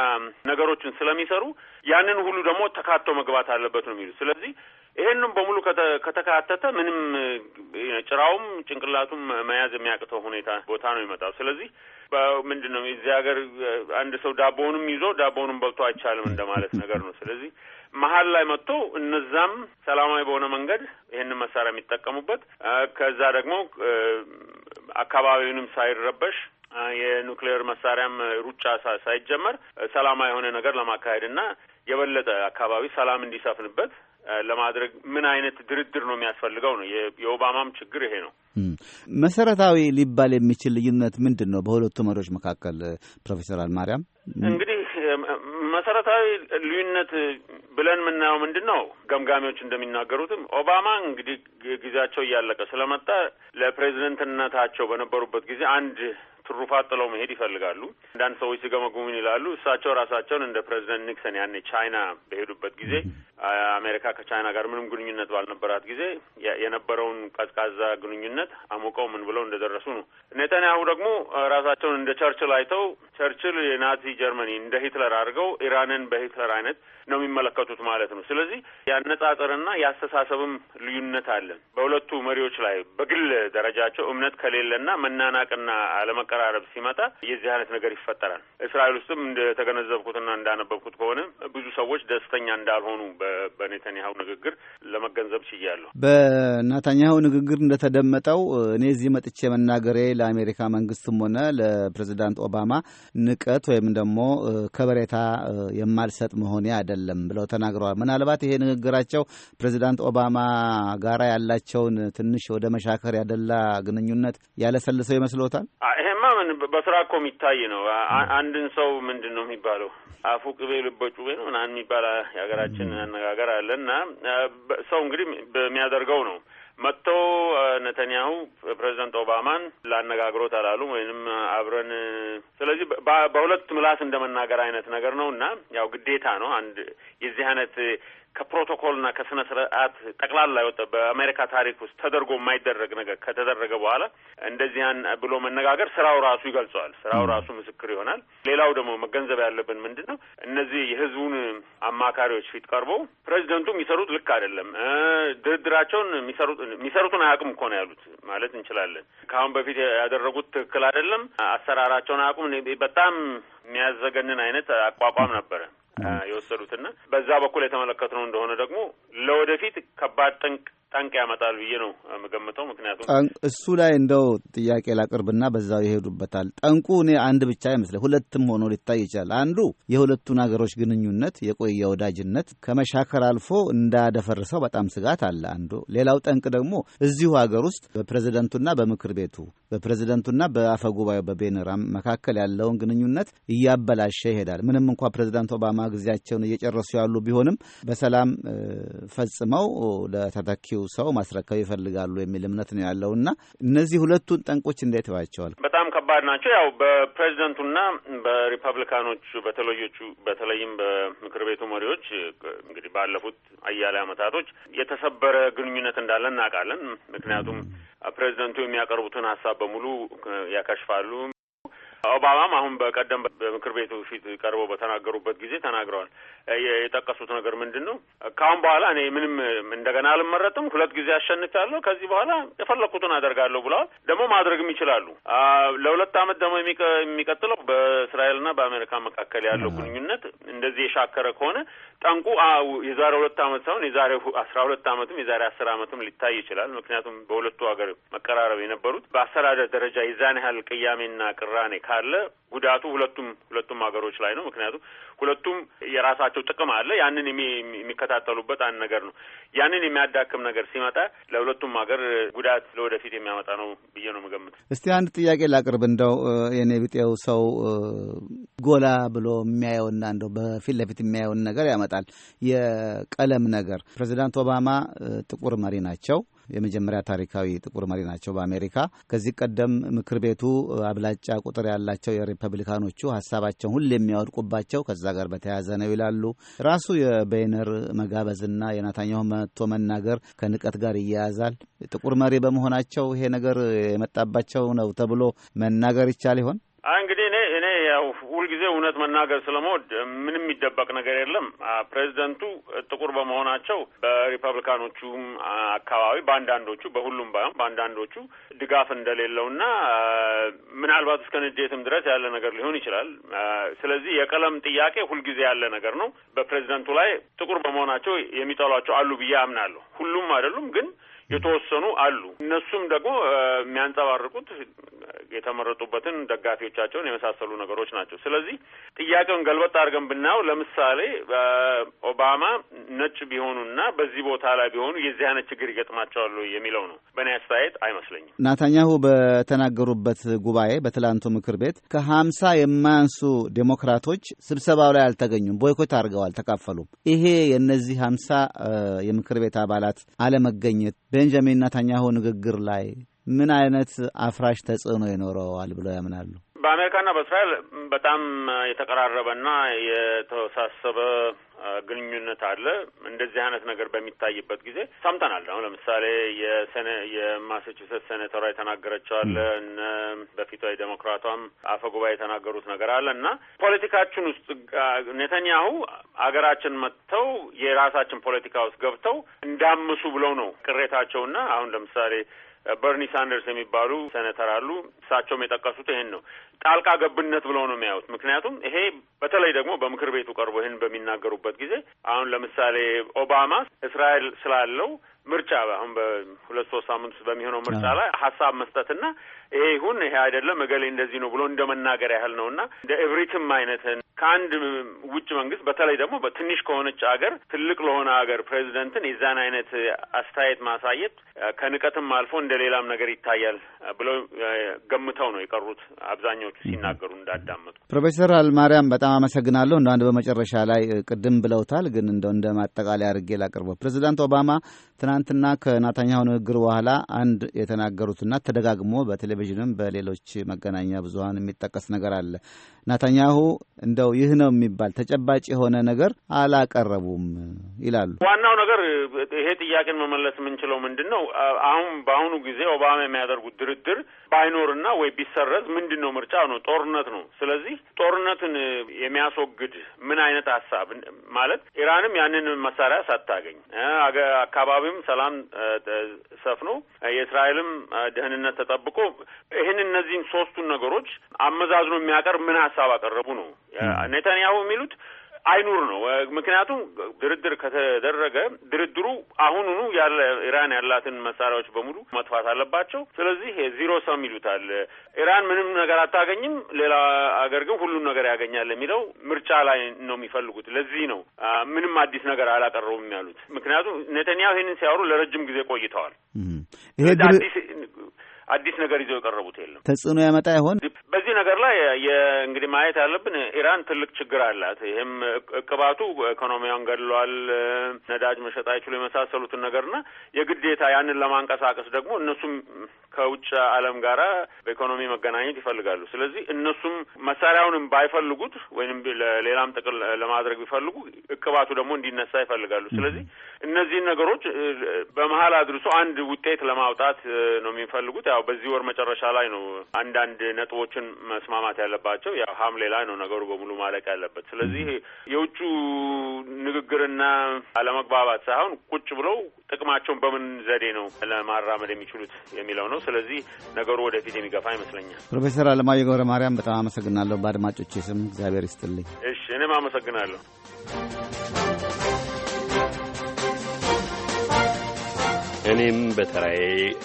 ነገሮችን ስለሚሰሩ ያንን ሁሉ ደግሞ ተካቶ መግባት አለበት ነው የሚሉት። ስለዚህ ይሄንም በሙሉ ከተካተተ ምንም ጭራውም ጭንቅላቱም መያዝ የሚያቅተው ሁኔታ ቦታ ነው ይመጣው። ስለዚህ ምንድን ነው እዚህ ሀገር አንድ ሰው ዳቦውንም ይዞ ዳቦውንም በልቶ አይቻልም እንደማለት ነገር ነው። ስለዚህ መሀል ላይ መጥቶ እነዛም ሰላማዊ በሆነ መንገድ ይህንን መሳሪያ የሚጠቀሙበት ከዛ ደግሞ አካባቢውንም ሳይረበሽ የኑክሌር መሳሪያም ሩጫ ሳይጀመር ሰላማዊ የሆነ ነገር ለማካሄድ እና የበለጠ አካባቢ ሰላም እንዲሰፍንበት ለማድረግ ምን አይነት ድርድር ነው የሚያስፈልገው? ነው የኦባማም ችግር ይሄ ነው። መሰረታዊ ሊባል የሚችል ልዩነት ምንድን ነው በሁለቱ መሪዎች መካከል? ፕሮፌሰር አልማርያም እንግዲህ መሰረታዊ ልዩነት ብለን የምናየው ምንድን ነው? ገምጋሚዎች እንደሚናገሩትም ኦባማ እንግዲህ ጊዜያቸው እያለቀ ስለመጣ ለፕሬዚደንትነታቸው በነበሩበት ጊዜ አንድ ትሩፋት ጥለው መሄድ ይፈልጋሉ። አንዳንድ ሰዎች ሲገመግሙን ይላሉ እሳቸው ራሳቸውን እንደ ፕሬዚደንት ኒክሰን ያኔ ቻይና በሄዱበት ጊዜ አሜሪካ ከቻይና ጋር ምንም ግንኙነት ባልነበራት ጊዜ የነበረውን ቀዝቃዛ ግንኙነት አሞቀው ምን ብለው እንደደረሱ ነው። ኔታንያሁ ደግሞ ራሳቸውን እንደ ቸርችል አይተው ቸርችል የናዚ ጀርመኒ እንደ ሂትለር አድርገው ኢራንን በሂትለር አይነት ነው የሚመለከቱት ማለት ነው። ስለዚህ ያነጻጸርና ያስተሳሰብም ልዩነት አለ በሁለቱ መሪዎች ላይ። በግል ደረጃቸው እምነት ከሌለና መናናቅና አለመቀራረብ ሲመጣ የዚህ አይነት ነገር ይፈጠራል። እስራኤል ውስጥም እንደተገነዘብኩትና እንዳነበብኩት ከሆነ ብዙ ሰዎች ደስተኛ እንዳልሆኑ በኔታንያሁ ንግግር ለመገንዘብ ችያለሁ። በናታንያሁ ንግግር እንደተደመጠው እኔ እዚህ መጥቼ መናገሬ ለአሜሪካ መንግስትም ሆነ ለፕሬዚዳንት ኦባማ ንቀት ወይም ደግሞ ከበሬታ የማልሰጥ መሆኔ አይደለም ብለው ተናግረዋል። ምናልባት ይሄ ንግግራቸው ፕሬዚዳንት ኦባማ ጋራ ያላቸውን ትንሽ ወደ መሻከር ያደላ ግንኙነት ያለሰልሰው ይመስሎታል? ይሄማ ምን በስራ እኮ የሚታይ ነው። አንድን ሰው ምንድን ነው የሚባለው አፉ ቅቤ ልበጩቤ ነው ምናምን የሚባል የሀገራችን መነጋገር አለ እና ሰው እንግዲህ በሚያደርገው ነው መጥቶ ነተንያሁ ፕሬዚደንት ኦባማን ላነጋግሮት አላሉም ወይንም አብረን ስለዚህ በሁለት ምላስ እንደመናገር አይነት ነገር ነው እና ያው ግዴታ ነው አንድ የዚህ አይነት ከፕሮቶኮልና ከስነ ስርዓት ጠቅላላ የወጣ በአሜሪካ ታሪክ ውስጥ ተደርጎ የማይደረግ ነገር ከተደረገ በኋላ እንደዚያን ብሎ መነጋገር ስራው ራሱ ይገልጸዋል። ስራው ራሱ ምስክር ይሆናል። ሌላው ደግሞ መገንዘብ ያለብን ምንድን ነው፣ እነዚህ የህዝቡን አማካሪዎች ፊት ቀርበው ፕሬዚደንቱ የሚሰሩት ልክ አይደለም፣ ድርድራቸውን የሚሰሩትን አያውቁም እኮ ነው ያሉት ማለት እንችላለን። ከአሁን በፊት ያደረጉት ትክክል አይደለም፣ አሰራራቸውን አያውቁም። በጣም የሚያዘገንን አይነት አቋቋም ነበረ። የወሰዱትና በዛ በኩል የተመለከትነው እንደሆነ ደግሞ ለወደፊት ከባድ ጠንቅ ጠንቅ ያመጣል ብዬ ነው የምገምተው። ምክንያቱም እሱ ላይ እንደው ጥያቄ ላቅርብና በዛው ይሄዱበታል። ጠንቁ እኔ አንድ ብቻ አይመስለኝ፣ ሁለትም ሆኖ ሊታይ ይችላል። አንዱ የሁለቱን ሀገሮች ግንኙነት የቆየ ወዳጅነት ከመሻከር አልፎ እንዳደፈርሰው በጣም ስጋት አለ አንዱ። ሌላው ጠንቅ ደግሞ እዚሁ ሀገር ውስጥ በፕሬዝደንቱና በምክር ቤቱ በፕሬዝደንቱና በአፈ ጉባኤው በቤንራም መካከል ያለውን ግንኙነት እያበላሸ ይሄዳል። ምንም እንኳ ፕሬዚዳንት ኦባማ ጊዜያቸውን እየጨረሱ ያሉ ቢሆንም በሰላም ፈጽመው ለተተኪው ሰው ማስረከብ ይፈልጋሉ የሚል እምነት ነው ያለው እና እነዚህ ሁለቱን ጠንቆች እንዴት ይዋቸዋል? በጣም ከባድ ናቸው። ያው በፕሬዚደንቱና በሪፐብሊካኖቹ በተለዮቹ በተለይም በምክር ቤቱ መሪዎች እንግዲህ ባለፉት አያሌ ዓመታቶች የተሰበረ ግንኙነት እንዳለ እናውቃለን። ምክንያቱም ፕሬዚደንቱ የሚያቀርቡትን ሀሳብ በሙሉ ያከሽፋሉ። ኦባማም አሁን በቀደም በምክር ቤቱ ፊት ቀርበው በተናገሩበት ጊዜ ተናግረዋል። የጠቀሱት ነገር ምንድን ነው? ከአሁን በኋላ እኔ ምንም እንደገና አልመረጥም፣ ሁለት ጊዜ አሸንቻለሁ፣ ከዚህ በኋላ የፈለኩትን አደርጋለሁ ብለዋል። ደግሞ ማድረግም ይችላሉ። ለሁለት ዓመት ደግሞ የሚቀጥለው በእስራኤልና በአሜሪካ መካከል ያለው ግንኙነት እንደዚህ የሻከረ ከሆነ ጠንቁ የዛሬ ሁለት አመት ሳይሆን የዛሬ አስራ ሁለት አመትም የዛሬ አስር አመትም ሊታይ ይችላል። ምክንያቱም በሁለቱ ሀገር መቀራረብ የነበሩት በአስተዳደር ደረጃ የዛን ያህል ቅያሜና ቅራኔ ካለ ጉዳቱ ሁለቱም ሁለቱም ሀገሮች ላይ ነው። ምክንያቱም ሁለቱም የራሳቸው ጥቅም አለ። ያንን የሚከታተሉበት አንድ ነገር ነው። ያንን የሚያዳክም ነገር ሲመጣ ለሁለቱም ሀገር ጉዳት ለወደፊት የሚያመጣ ነው ብዬ ነው የምገምተው። እስቲ አንድ ጥያቄ ላቅርብ እንደው የኔ ብጤው ሰው ጎላ ብሎ የሚያየውና እንደው በፊት ለፊት የሚያየውን ነገር ያመጣል። የቀለም ነገር ፕሬዚዳንት ኦባማ ጥቁር መሪ ናቸው። የመጀመሪያ ታሪካዊ ጥቁር መሪ ናቸው በአሜሪካ። ከዚህ ቀደም ምክር ቤቱ አብላጫ ቁጥር ያላቸው የሪፐብሊካኖቹ ሀሳባቸውን ሁሌ የሚያወድቁባቸው ከዛ ጋር በተያያዘ ነው ይላሉ። ራሱ የቤይነር መጋበዝና የናታኛው መጥቶ መናገር ከንቀት ጋር ይያያዛል። ጥቁር መሪ በመሆናቸው ይሄ ነገር የመጣባቸው ነው ተብሎ መናገር ይቻል ይሆን? አይ እንግዲህ እኔ እኔ ያው ሁልጊዜ እውነት መናገር ስለምወድ ምንም የሚደበቅ ነገር የለም። ፕሬዚደንቱ ጥቁር በመሆናቸው በሪፐብሊካኖቹም አካባቢ በአንዳንዶቹ፣ በሁሉም ባይሆን በአንዳንዶቹ ድጋፍ እንደሌለው ና ምናልባት እስከ ንዴትም ድረስ ያለ ነገር ሊሆን ይችላል። ስለዚህ የቀለም ጥያቄ ሁልጊዜ ያለ ነገር ነው። በፕሬዚደንቱ ላይ ጥቁር በመሆናቸው የሚጠሏቸው አሉ ብዬ አምናለሁ። ሁሉም አይደሉም ግን የተወሰኑ አሉ። እነሱም ደግሞ የሚያንጸባርቁት የተመረጡበትን ደጋፊዎቻቸውን የመሳሰሉ ነገሮች ናቸው። ስለዚህ ጥያቄውን ገልበጥ አድርገን ብናየው ለምሳሌ ኦባማ ነጭ ቢሆኑና በዚህ ቦታ ላይ ቢሆኑ የዚህ አይነት ችግር ይገጥማቸዋሉ የሚለው ነው። በእኔ አስተያየት አይመስለኝም። ናታኛሁ በተናገሩበት ጉባኤ በትላንቱ ምክር ቤት ከሀምሳ የማያንሱ ዴሞክራቶች ስብሰባው ላይ አልተገኙም። ቦይኮት አድርገዋል፣ አልተካፈሉም። ይሄ የእነዚህ ሀምሳ የምክር ቤት አባላት አለመገኘት ቤንጃሚን ኔታንያሁ ንግግር ላይ ምን አይነት አፍራሽ ተጽዕኖ ይኖረዋል ብለው ያምናሉ? በአሜሪካና በእስራኤል በጣም የተቀራረበና የተወሳሰበ ግንኙነት አለ። እንደዚህ አይነት ነገር በሚታይበት ጊዜ ሰምተናል። አሁን ለምሳሌ የሰነ የማሳቹሴትስ ሴኔተሯ የተናገረችው አለ፣ እነ በፊቷ የዴሞክራቷም አፈ ጉባኤ የተናገሩት ነገር አለ እና ፖለቲካችን ውስጥ ኔተንያሁ አገራችን መጥተው የራሳችን ፖለቲካ ውስጥ ገብተው እንዳምሱ ብለው ነው ቅሬታቸውና አሁን ለምሳሌ በርኒ ሳንደርስ የሚባሉ ሴኔተር አሉ። እሳቸውም የጠቀሱት ይህን ነው። ጣልቃ ገብነት ብለው ነው የሚያዩት። ምክንያቱም ይሄ በተለይ ደግሞ በምክር ቤቱ ቀርቦ ይህን በሚናገሩበት ጊዜ አሁን ለምሳሌ ኦባማ እስራኤል ስላለው ምርጫ አሁን በሁለት ሶስት ሳምንት በሚሆነው ምርጫ ላይ ሀሳብ መስጠትና ይሄ ይሁን ይሄ አይደለም እገሌ እንደዚህ ነው ብሎ እንደ መናገር ያህል ነው እና እንደ እብሪትም አይነትን ከአንድ ውጭ መንግስት በተለይ ደግሞ በትንሽ ከሆነች ሀገር ትልቅ ለሆነ ሀገር ፕሬዚደንትን የዛን አይነት አስተያየት ማሳየት ከንቀትም አልፎ እንደ ሌላም ነገር ይታያል ብለው ገምተው ነው የቀሩት አብዛኛዎቹ ሲናገሩ እንዳዳመጡ። ፕሮፌሰር አልማርያም በጣም አመሰግናለሁ። እንደ አንድ በመጨረሻ ላይ ቅድም ብለውታል፣ ግን እንደ እንደ ማጠቃለያ አድርጌ ላቅርበው ፕሬዚዳንት ኦባማ ትና ትናንትና ከናታኛው ንግግር በኋላ አንድ የተናገሩትና ተደጋግሞ በቴሌቪዥንም በሌሎች መገናኛ ብዙኃን የሚጠቀስ ነገር አለ። ናታኛሁ እንደው ይህ ነው የሚባል ተጨባጭ የሆነ ነገር አላቀረቡም ይላሉ። ዋናው ነገር ይሄ ጥያቄን መመለስ የምንችለው ምንድን ነው? አሁን በአሁኑ ጊዜ ኦባማ የሚያደርጉት ድርድር ባይኖርና ወይ ቢሰረዝ ምንድን ነው? ምርጫ ነው፣ ጦርነት ነው። ስለዚህ ጦርነትን የሚያስወግድ ምን አይነት ሀሳብ ማለት ኢራንም ያንን መሳሪያ ሳታገኝ አካባቢም ሰላም ሰፍኖ የእስራኤልም ደህንነት ተጠብቆ ይህን እነዚህን ሶስቱን ነገሮች አመዛዝኖ የሚያቀርብ ምን ሀሳብ አቀረቡ ነው ኔታንያሁ የሚሉት አይኑር ነው። ምክንያቱም ድርድር ከተደረገ ድርድሩ አሁኑኑ ያለ ኢራን ያላትን መሳሪያዎች በሙሉ መጥፋት አለባቸው። ስለዚህ ዚሮ ሰም ይሉታል። ኢራን ምንም ነገር አታገኝም፣ ሌላ አገር ግን ሁሉን ነገር ያገኛል የሚለው ምርጫ ላይ ነው የሚፈልጉት። ለዚህ ነው ምንም አዲስ ነገር አላቀረቡም ያሉት። ምክንያቱም ኔተንያሁ ይህንን ሲያወሩ ለረጅም ጊዜ ቆይተዋል። አዲስ ነገር ይዘው የቀረቡት የለም። ተጽዕኖ ያመጣ ይሆን? በዚህ ነገር ላይ እንግዲህ ማየት ያለብን ኢራን ትልቅ ችግር አላት። ይህም እቅባቱ ኢኮኖሚያን ገድሏል። ነዳጅ መሸጥ አይችሉ የመሳሰሉትን ነገርና የግዴታ ያንን ለማንቀሳቀስ ደግሞ እነሱም ከውጭ ዓለም ጋራ በኢኮኖሚ መገናኘት ይፈልጋሉ። ስለዚህ እነሱም መሳሪያውንም ባይፈልጉት ወይም ለሌላም ጥቅል ለማድረግ ቢፈልጉ እቅባቱ ደግሞ እንዲነሳ ይፈልጋሉ። ስለዚህ እነዚህን ነገሮች በመሀል አድርሶ አንድ ውጤት ለማውጣት ነው የሚፈልጉት። ያው በዚህ ወር መጨረሻ ላይ ነው አንዳንድ ነጥቦችን መስማማት ያለባቸው። ያው ሐምሌ ላይ ነው ነገሩ በሙሉ ማለቅ ያለበት። ስለዚህ የውጩ ንግግርና አለመግባባት ሳይሆን ቁጭ ብለው ጥቅማቸውን በምን ዘዴ ነው ለማራመድ የሚችሉት የሚለው ነው። ስለዚህ ነገሩ ወደፊት የሚገፋ ይመስለኛል። ፕሮፌሰር አለማየሁ ገብረ ማርያም በጣም አመሰግናለሁ። በአድማጮች ስም እግዚአብሔር ይስጥልኝ። እሺ፣ እኔም አመሰግናለሁ። እኔም በተራዬ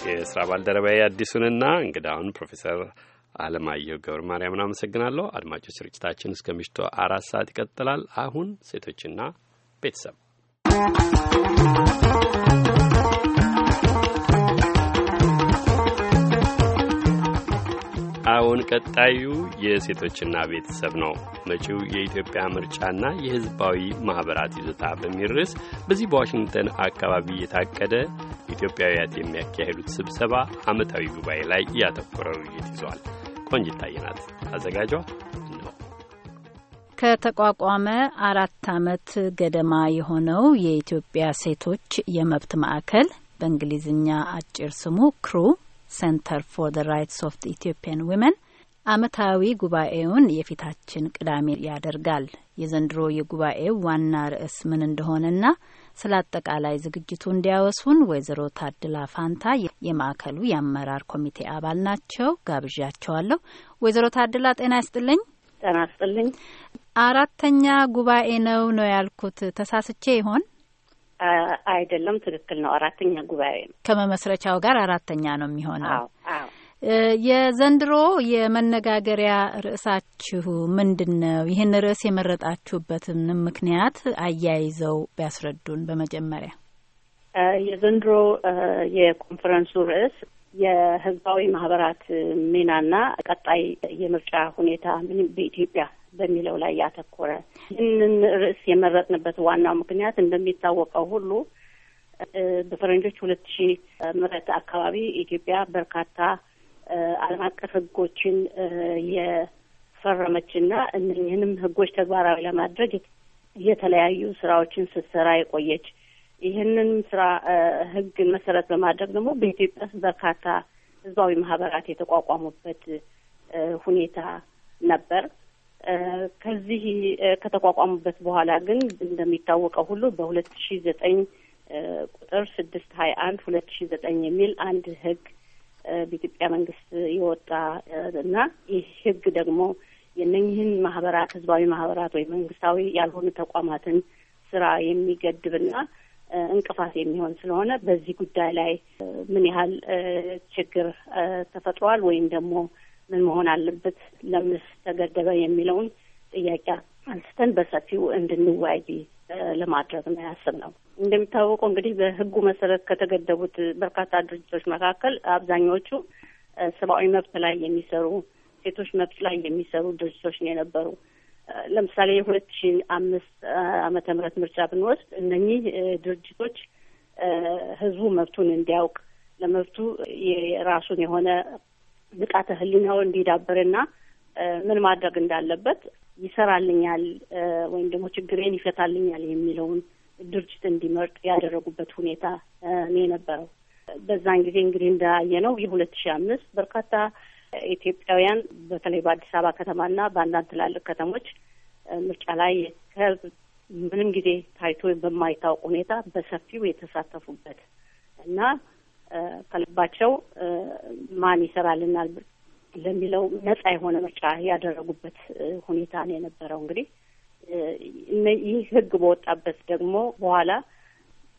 የስራ ባልደረባዬ አዲሱንና እንግዳውን ፕሮፌሰር አለማየሁ ገብረ ማርያምን አመሰግናለሁ። አድማጮች ስርጭታችን እስከ ምሽቱ አራት ሰዓት ይቀጥላል። አሁን ሴቶችና ቤተሰብ አሁን ቀጣዩ የሴቶችና ቤተሰብ ነው። መጪው የኢትዮጵያ ምርጫና የሕዝባዊ ማኅበራት ይዞታ በሚል ርዕስ በዚህ በዋሽንግተን አካባቢ የታቀደ ኢትዮጵያውያት የሚያካሄዱት ስብሰባ ዓመታዊ ጉባኤ ላይ ያተኮረ ውይይት ይዟል። ይታየናት። አዘጋጇ ከተቋቋመ አራት ዓመት ገደማ የሆነው የኢትዮጵያ ሴቶች የመብት ማዕከል በእንግሊዝኛ አጭር ስሙ ክሩ ሴንተር ፎር ዘ ራይትስ ኦፍ ኢትዮጵያን ዊመን አመታዊ ጉባኤውን የፊታችን ቅዳሜ ያደርጋል። የዘንድሮ የጉባኤው ዋና ርዕስ ምን እንደሆነና ስለ አጠቃላይ ዝግጅቱ እንዲያወሱን ወይዘሮ ታድላ ፋንታ የማዕከሉ የአመራር ኮሚቴ አባል ናቸው። ጋብዣቸዋለሁ። ወይዘሮ ታድላ ጤና ይስጥልኝ። ጤና ይስጥልኝ። አራተኛ ጉባኤ ነው ነው ያልኩት ተሳስቼ ይሆን? አይደለም። ትክክል ነው። አራተኛ ጉባኤ ነው። ከመመስረቻው ጋር አራተኛ ነው የሚሆነው። የዘንድሮ የመነጋገሪያ ርዕሳችሁ ምንድን ነው? ይህን ርዕስ የመረጣችሁበትን ምክንያት አያይዘው ቢያስረዱን። በመጀመሪያ የዘንድሮ የኮንፈረንሱ ርዕስ የህዝባዊ ማህበራት ሚናና ቀጣይ የምርጫ ሁኔታ ምን በኢትዮጵያ በሚለው ላይ ያተኮረ ይህንን ርዕስ የመረጥንበት ዋናው ምክንያት እንደሚታወቀው ሁሉ በፈረንጆች ሁለት ሺ ምረት አካባቢ ኢትዮጵያ በርካታ ዓለም አቀፍ የፈረመች እና እነዚህንም ህጎች ተግባራዊ ለማድረግ የተለያዩ ስራዎችን ስትሰራ የቆየች ይህንን ስራ ህግን መሰረት በማድረግ ደግሞ በኢትዮጵያ ውስጥ በርካታ ህዝባዊ ማህበራት የተቋቋሙበት ሁኔታ ነበር። ከዚህ ከተቋቋሙበት በኋላ ግን እንደሚታወቀው ሁሉ በሁለት ሺ ዘጠኝ ቁጥር ስድስት ሀያ አንድ ሁለት ሺ ዘጠኝ የሚል አንድ ህግ በኢትዮጵያ መንግስት የወጣ እና ይህ ህግ ደግሞ የነኝህን ማህበራት ህዝባዊ ማህበራት ወይ መንግስታዊ ያልሆኑ ተቋማትን ስራ የሚገድብና እንቅፋት የሚሆን ስለሆነ በዚህ ጉዳይ ላይ ምን ያህል ችግር ተፈጥሯል ወይም ደግሞ ምን መሆን አለበት፣ ለምንስ ተገደበ የሚለውን ጥያቄ አንስተን በሰፊው እንድንወያይ ለማድረግ ነው ያሰብነው። እንደሚታወቀው እንግዲህ በህጉ መሰረት ከተገደቡት በርካታ ድርጅቶች መካከል አብዛኛዎቹ ሰብአዊ መብት ላይ የሚሰሩ ሴቶች መብት ላይ የሚሰሩ ድርጅቶች ነው የነበሩ። ለምሳሌ የሁለት ሺ አምስት አመተ ምህረት ምርጫ ብንወስድ እነኚህ ድርጅቶች ህዝቡ መብቱን እንዲያውቅ ለመብቱ የራሱን የሆነ ብቃተ ህሊናው እንዲዳብርና ምን ማድረግ እንዳለበት ይሰራልኛል ወይም ደግሞ ችግሬን ይፈታልኛል የሚለውን ድርጅት እንዲመርጥ ያደረጉበት ሁኔታ ነው የነበረው። በዛን ጊዜ እንግዲህ እንዳየነው የሁለት ሺ አምስት በርካታ ኢትዮጵያውያን በተለይ በአዲስ አበባ ከተማና በአንዳንድ ትላልቅ ከተሞች ምርጫ ላይ ከህዝብ ምንም ጊዜ ታይቶ በማይታወቅ ሁኔታ በሰፊው የተሳተፉበት እና ከልባቸው ማን ይሰራልናል ለሚለው ነጻ የሆነ ምርጫ ያደረጉበት ሁኔታ ነው የነበረው። እንግዲህ ይህ ህግ በወጣበት ደግሞ በኋላ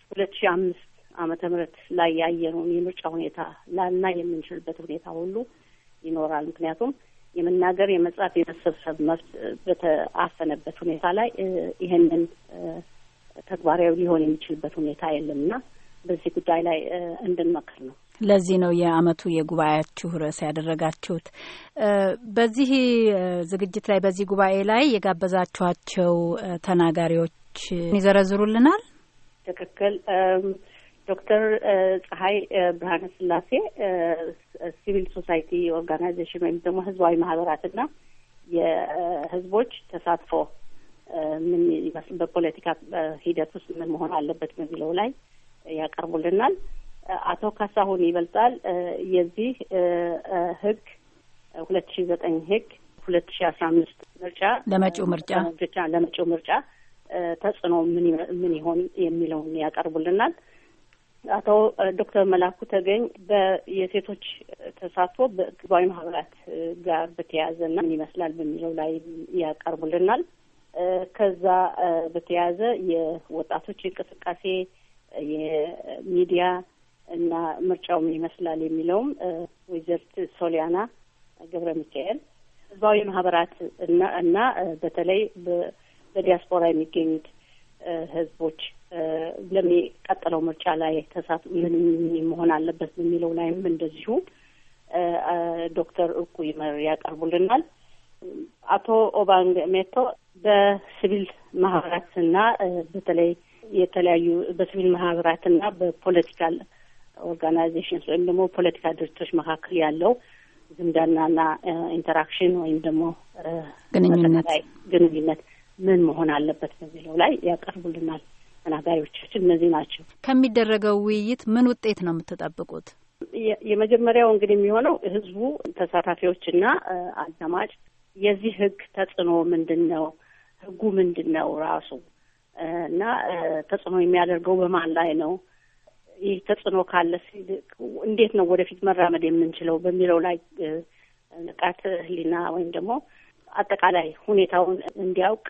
ሁለት ሺ አምስት አመተ ምህረት ላይ ያየነውን የምርጫ ሁኔታ ላና የምንችልበት ሁኔታ ሁሉ ይኖራል። ምክንያቱም የመናገር፣ የመጻፍ፣ የመሰብሰብ መብት በተአፈነበት ሁኔታ ላይ ይህንን ተግባራዊ ሊሆን የሚችልበት ሁኔታ የለምና በዚህ ጉዳይ ላይ እንድንመክር ነው። ለዚህ ነው የአመቱ የጉባኤያችሁ ርዕስ ያደረጋችሁት። በዚህ ዝግጅት ላይ በዚህ ጉባኤ ላይ የጋበዛችኋቸው ተናጋሪዎች ይዘረዝሩልናል። ትክክል። ዶክተር ፀሐይ ብርሃነ ስላሴ ሲቪል ሶሳይቲ ኦርጋናይዜሽን ወይም ደግሞ ህዝባዊ ማህበራትና የህዝቦች ተሳትፎ ምን በፖለቲካ ሂደት ውስጥ ምን መሆን አለበት በሚለው ላይ ያቀርቡልናል። አቶ ካሳሁን ይበልጣል የዚህ ህግ ሁለት ሺ ዘጠኝ ህግ ሁለት ሺ አስራ አምስት ምርጫ ለመጪው ምርጫ ለመጪው ምርጫ ተጽዕኖ ምን ይሆን የሚለውን ያቀርቡልናል። አቶ ዶክተር መላኩ ተገኝ የሴቶች ተሳትፎ በህዝባዊ ማህበራት ጋር ና ምን ይመስላል በሚለው ላይ ያቀርቡልናል። ከዛ በተያያዘ የወጣቶች እንቅስቃሴ የሚዲያ እና ምርጫው ይመስላል የሚለውም ወይዘርት ሶሊያና ገብረ ሚካኤል ህዝባዊ ማህበራት እና እና በተለይ በዲያስፖራ የሚገኙት ህዝቦች ለሚቀጥለው ምርጫ ላይ ተሳት ምን መሆን አለበት የሚለው ላይም እንደዚሁ ዶክተር እርቁ ይመር ያቀርቡልናል። አቶ ኦባንግ ሜቶ በሲቪል እና በተለይ የተለያዩ በሲቪል ማህበራትና በፖለቲካል ኦርጋናይዜሽንስ ወይም ደግሞ ፖለቲካ ድርጅቶች መካከል ያለው ዝምድናና ኢንተራክሽን ወይም ደግሞ ግንኙነት ግንኙነት ምን መሆን አለበት በሚለው ላይ ያቀርቡልናል ተናጋሪዎቻችን እነዚህ ናቸው። ከሚደረገው ውይይት ምን ውጤት ነው የምትጠብቁት? የመጀመሪያው እንግዲህ የሚሆነው ህዝቡ ተሳታፊዎችና አዳማጭ የዚህ ህግ ተጽዕኖ ምንድን ነው? ህጉ ምንድን ነው ራሱ እና ተጽዕኖ የሚያደርገው በማን ላይ ነው? ይህ ተጽዕኖ ካለ እንዴት ነው ወደፊት መራመድ የምንችለው በሚለው ላይ ንቃት ህሊና ወይም ደግሞ አጠቃላይ ሁኔታውን እንዲያውቅ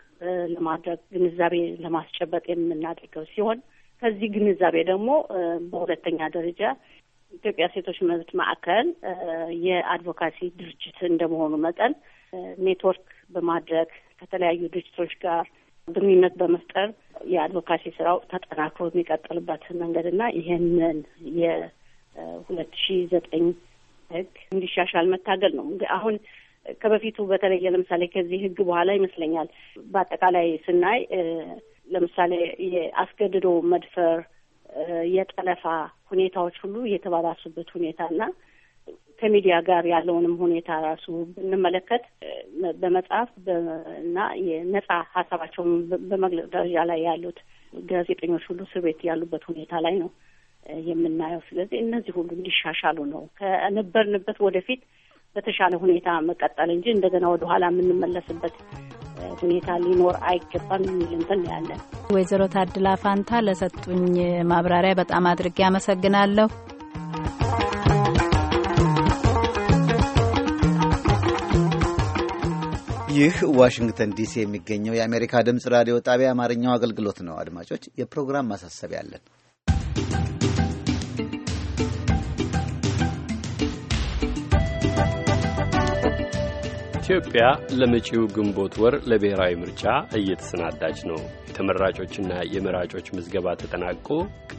ለማድረግ ግንዛቤ ለማስጨበጥ የምናደርገው ሲሆን ከዚህ ግንዛቤ ደግሞ በሁለተኛ ደረጃ ኢትዮጵያ ሴቶች መብት ማዕከል የአድቮካሲ ድርጅት እንደመሆኑ መጠን ኔትወርክ በማድረግ ከተለያዩ ድርጅቶች ጋር ግንኙነት በመፍጠር የአድቮካሲ ስራው ተጠናክሮ የሚቀጥልበት መንገድ እና ይሄንን የሁለት ሺ ዘጠኝ ህግ እንዲሻሻል መታገል ነው። አሁን ከበፊቱ በተለየ ለምሳሌ ከዚህ ህግ በኋላ ይመስለኛል በአጠቃላይ ስናይ ለምሳሌ የአስገድዶ መድፈር የጠለፋ ሁኔታዎች ሁሉ እየተባባሱበት ሁኔታ እና ከሚዲያ ጋር ያለውንም ሁኔታ ራሱ ብንመለከት በመጽሐፍ እና የነጻ ሀሳባቸውን በመግለጽ ደረጃ ላይ ያሉት ጋዜጠኞች ሁሉ እስር ቤት ያሉበት ሁኔታ ላይ ነው የምናየው። ስለዚህ እነዚህ ሁሉ እንዲሻሻሉ ነው ከነበርንበት ወደፊት በተሻለ ሁኔታ መቀጠል እንጂ እንደገና ወደ ኋላ የምንመለስበት ሁኔታ ሊኖር አይገባም የሚል እንትን ያለን። ወይዘሮ ታድላ ፋንታ ለሰጡኝ ማብራሪያ በጣም አድርጌ አመሰግናለሁ። ይህ ዋሽንግተን ዲሲ የሚገኘው የአሜሪካ ድምፅ ራዲዮ ጣቢያ የአማርኛው አገልግሎት ነው። አድማጮች፣ የፕሮግራም ማሳሰቢያ አለን። ኢትዮጵያ ለመጪው ግንቦት ወር ለብሔራዊ ምርጫ እየተሰናዳች ነው። የተመራጮችና የመራጮች ምዝገባ ተጠናቆ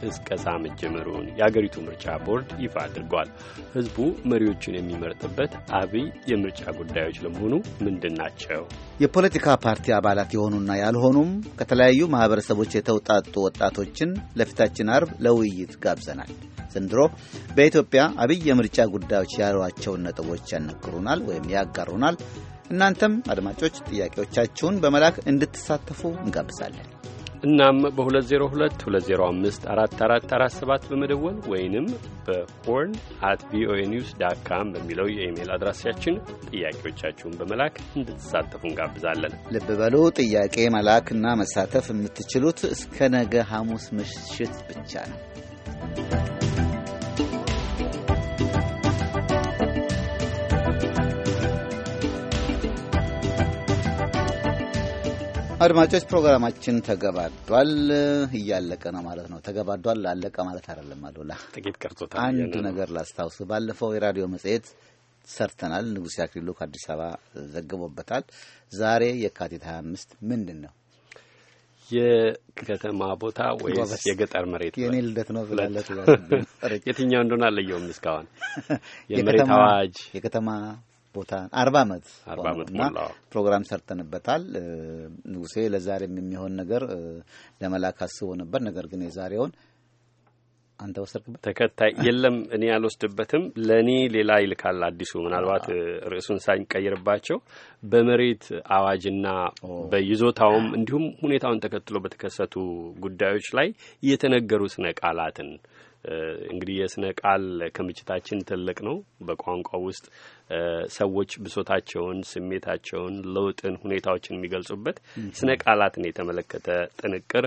ቅስቀሳ መጀመሩን የአገሪቱ ምርጫ ቦርድ ይፋ አድርጓል። ህዝቡ መሪዎቹን የሚመርጥበት አብይ የምርጫ ጉዳዮች ለመሆኑ ምንድን ናቸው? የፖለቲካ ፓርቲ አባላት የሆኑና ያልሆኑም ከተለያዩ ማህበረሰቦች የተውጣጡ ወጣቶችን ለፊታችን አርብ ለውይይት ጋብዘናል። ዘንድሮ በኢትዮጵያ አብይ የምርጫ ጉዳዮች ያሏቸውን ነጥቦች ያነግሩናል ወይም ያጋሩናል። እናንተም አድማጮች ጥያቄዎቻችሁን በመላክ እንድትሳተፉ እንጋብዛለን። እናም በ2022054447 በመደወል ወይንም በሆርን አት ቪኦኤ ኒውስ ዳት ካም በሚለው የኢሜይል አድራሲያችን ጥያቄዎቻችሁን በመላክ እንድትሳተፉ እንጋብዛለን። ልብ በሉ ጥያቄ መላክና መሳተፍ የምትችሉት እስከ ነገ ሐሙስ ምሽት ብቻ ነው። አድማጮች ፕሮግራማችን ተገባዷል። እያለቀ ነው ማለት ነው። ተገባዷል አለቀ ማለት አይደለም። አሉላ ጥቂት ቀርቶታል። አንድ ነገር ላስታውስ። ባለፈው የራዲዮ መጽሔት ሰርተናል። ንጉሴ አክሊሉ ከአዲስ አበባ ዘግቦበታል። ዛሬ የካቲት 25 ምንድን ነው? የከተማ ቦታ ወይስ የገጠር መሬት? የኔ ልደት ነው ብላለት *laughs* የትኛው እንደሆነ አለየውም እስካሁን *laughs* የመሬት አዋጅ የከተማ ቦታ አርባ ዓመት ሆነና ፕሮግራም ሰርተንበታል። ንጉሴ ለዛሬም የሚሆን ነገር ለመላክ አስቦ ነበር። ነገር ግን የዛሬውን አንተ ወሰድክበት ተከታይ የለም። እኔ ያልወስድበትም ለእኔ ሌላ ይልካል አዲሱ። ምናልባት ርዕሱን ሳንቀይርባቸው በመሬት አዋጅና በይዞታውም እንዲሁም ሁኔታውን ተከትሎ በተከሰቱ ጉዳዮች ላይ የተነገሩ ስነ ቃላትን እንግዲህ የስነ ቃል ክምችታችን ትልቅ ነው። በቋንቋ ውስጥ ሰዎች ብሶታቸውን፣ ስሜታቸውን፣ ለውጥን፣ ሁኔታዎችን የሚገልጹበት ስነ ቃላትን የተመለከተ ጥንቅር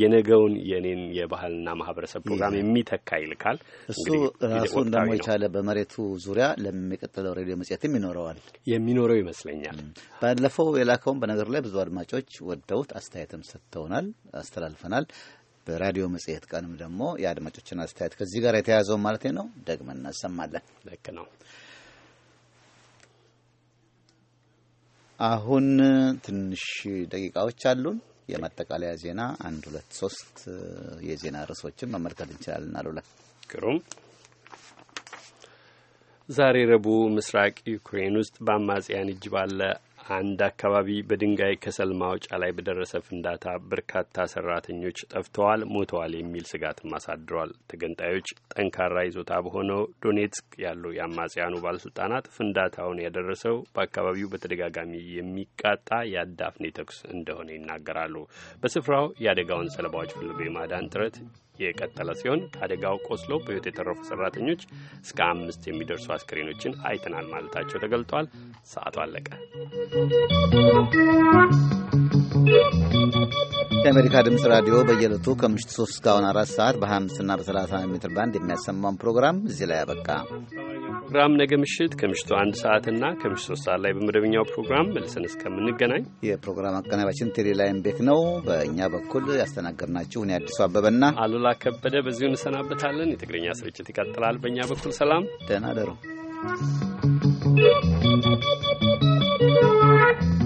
የነገውን የኔን የባህልና ማህበረሰብ ፕሮግራም የሚተካ ይልካል። እሱ ራሱን ደግሞ የቻለ በመሬቱ ዙሪያ ለሚቀጥለው ሬዲዮ መጽሔትም ይኖረዋል የሚኖረው ይመስለኛል። ባለፈው የላከውን በነገር ላይ ብዙ አድማጮች ወደውት አስተያየትም ሰጥተውናል፣ አስተላልፈናል። በራዲዮ መጽሔት ቀንም ደግሞ የአድማጮችን አስተያየት ከዚህ ጋር የተያያዘው ማለት ነው ደግመን እናሰማለን። ልክ ነው። አሁን ትንሽ ደቂቃዎች አሉን። የማጠቃለያ ዜና አንድ ሁለት ሶስት የዜና ርዕሶችን መመልከት እንችላለን። አሉላ ግሩም ዛሬ ረቡዕ ምስራቅ ዩክሬን ውስጥ በአማጽያን እጅ ባለ አንድ አካባቢ በድንጋይ ከሰል ማውጫ ላይ በደረሰ ፍንዳታ በርካታ ሰራተኞች ጠፍተዋል፣ ሞተዋል የሚል ስጋትም አሳድሯል። ተገንጣዮች ጠንካራ ይዞታ በሆነው ዶኔትስክ ያሉ የአማጽያኑ ባለስልጣናት ፍንዳታውን ያደረሰው በአካባቢው በተደጋጋሚ የሚቃጣ የአዳፍኔ ተኩስ እንደሆነ ይናገራሉ። በስፍራው የአደጋውን ሰለባዎች ፍልጎ የማዳን ጥረት የቀጠለ ሲሆን ከአደጋው ቆስሎ በሕይወት የተረፉ ሰራተኞች እስከ አምስት የሚደርሱ አስክሬኖችን አይተናል ማለታቸው ተገልጧል። ሰዓቱ አለቀ። የአሜሪካ ድምፅ ራዲዮ በየዕለቱ ከምሽቱ 3 እስካሁን አራት ሰዓት በ25 እና በ31 ሜትር ባንድ የሚያሰማውን ፕሮግራም እዚህ ላይ ያበቃ። ፕሮግራም ነገ ምሽት ከምሽቱ አንድ ሰዓትና ከምሽቱ 3 ሰዓት ላይ በመደበኛው ፕሮግራም መልሰን እስከምንገናኝ የፕሮግራም አቀናባችን ቴሌላይን ላይም ቤክ ነው። በእኛ በኩል ያስተናገድናችሁ እኔ አዲሱ አበበና አሉላ ከበደ በዚሁ እንሰናበታለን። የትግርኛ ስርጭት ይቀጥላል። በእኛ በኩል ሰላም፣ ደህና ደሩ። Thank you.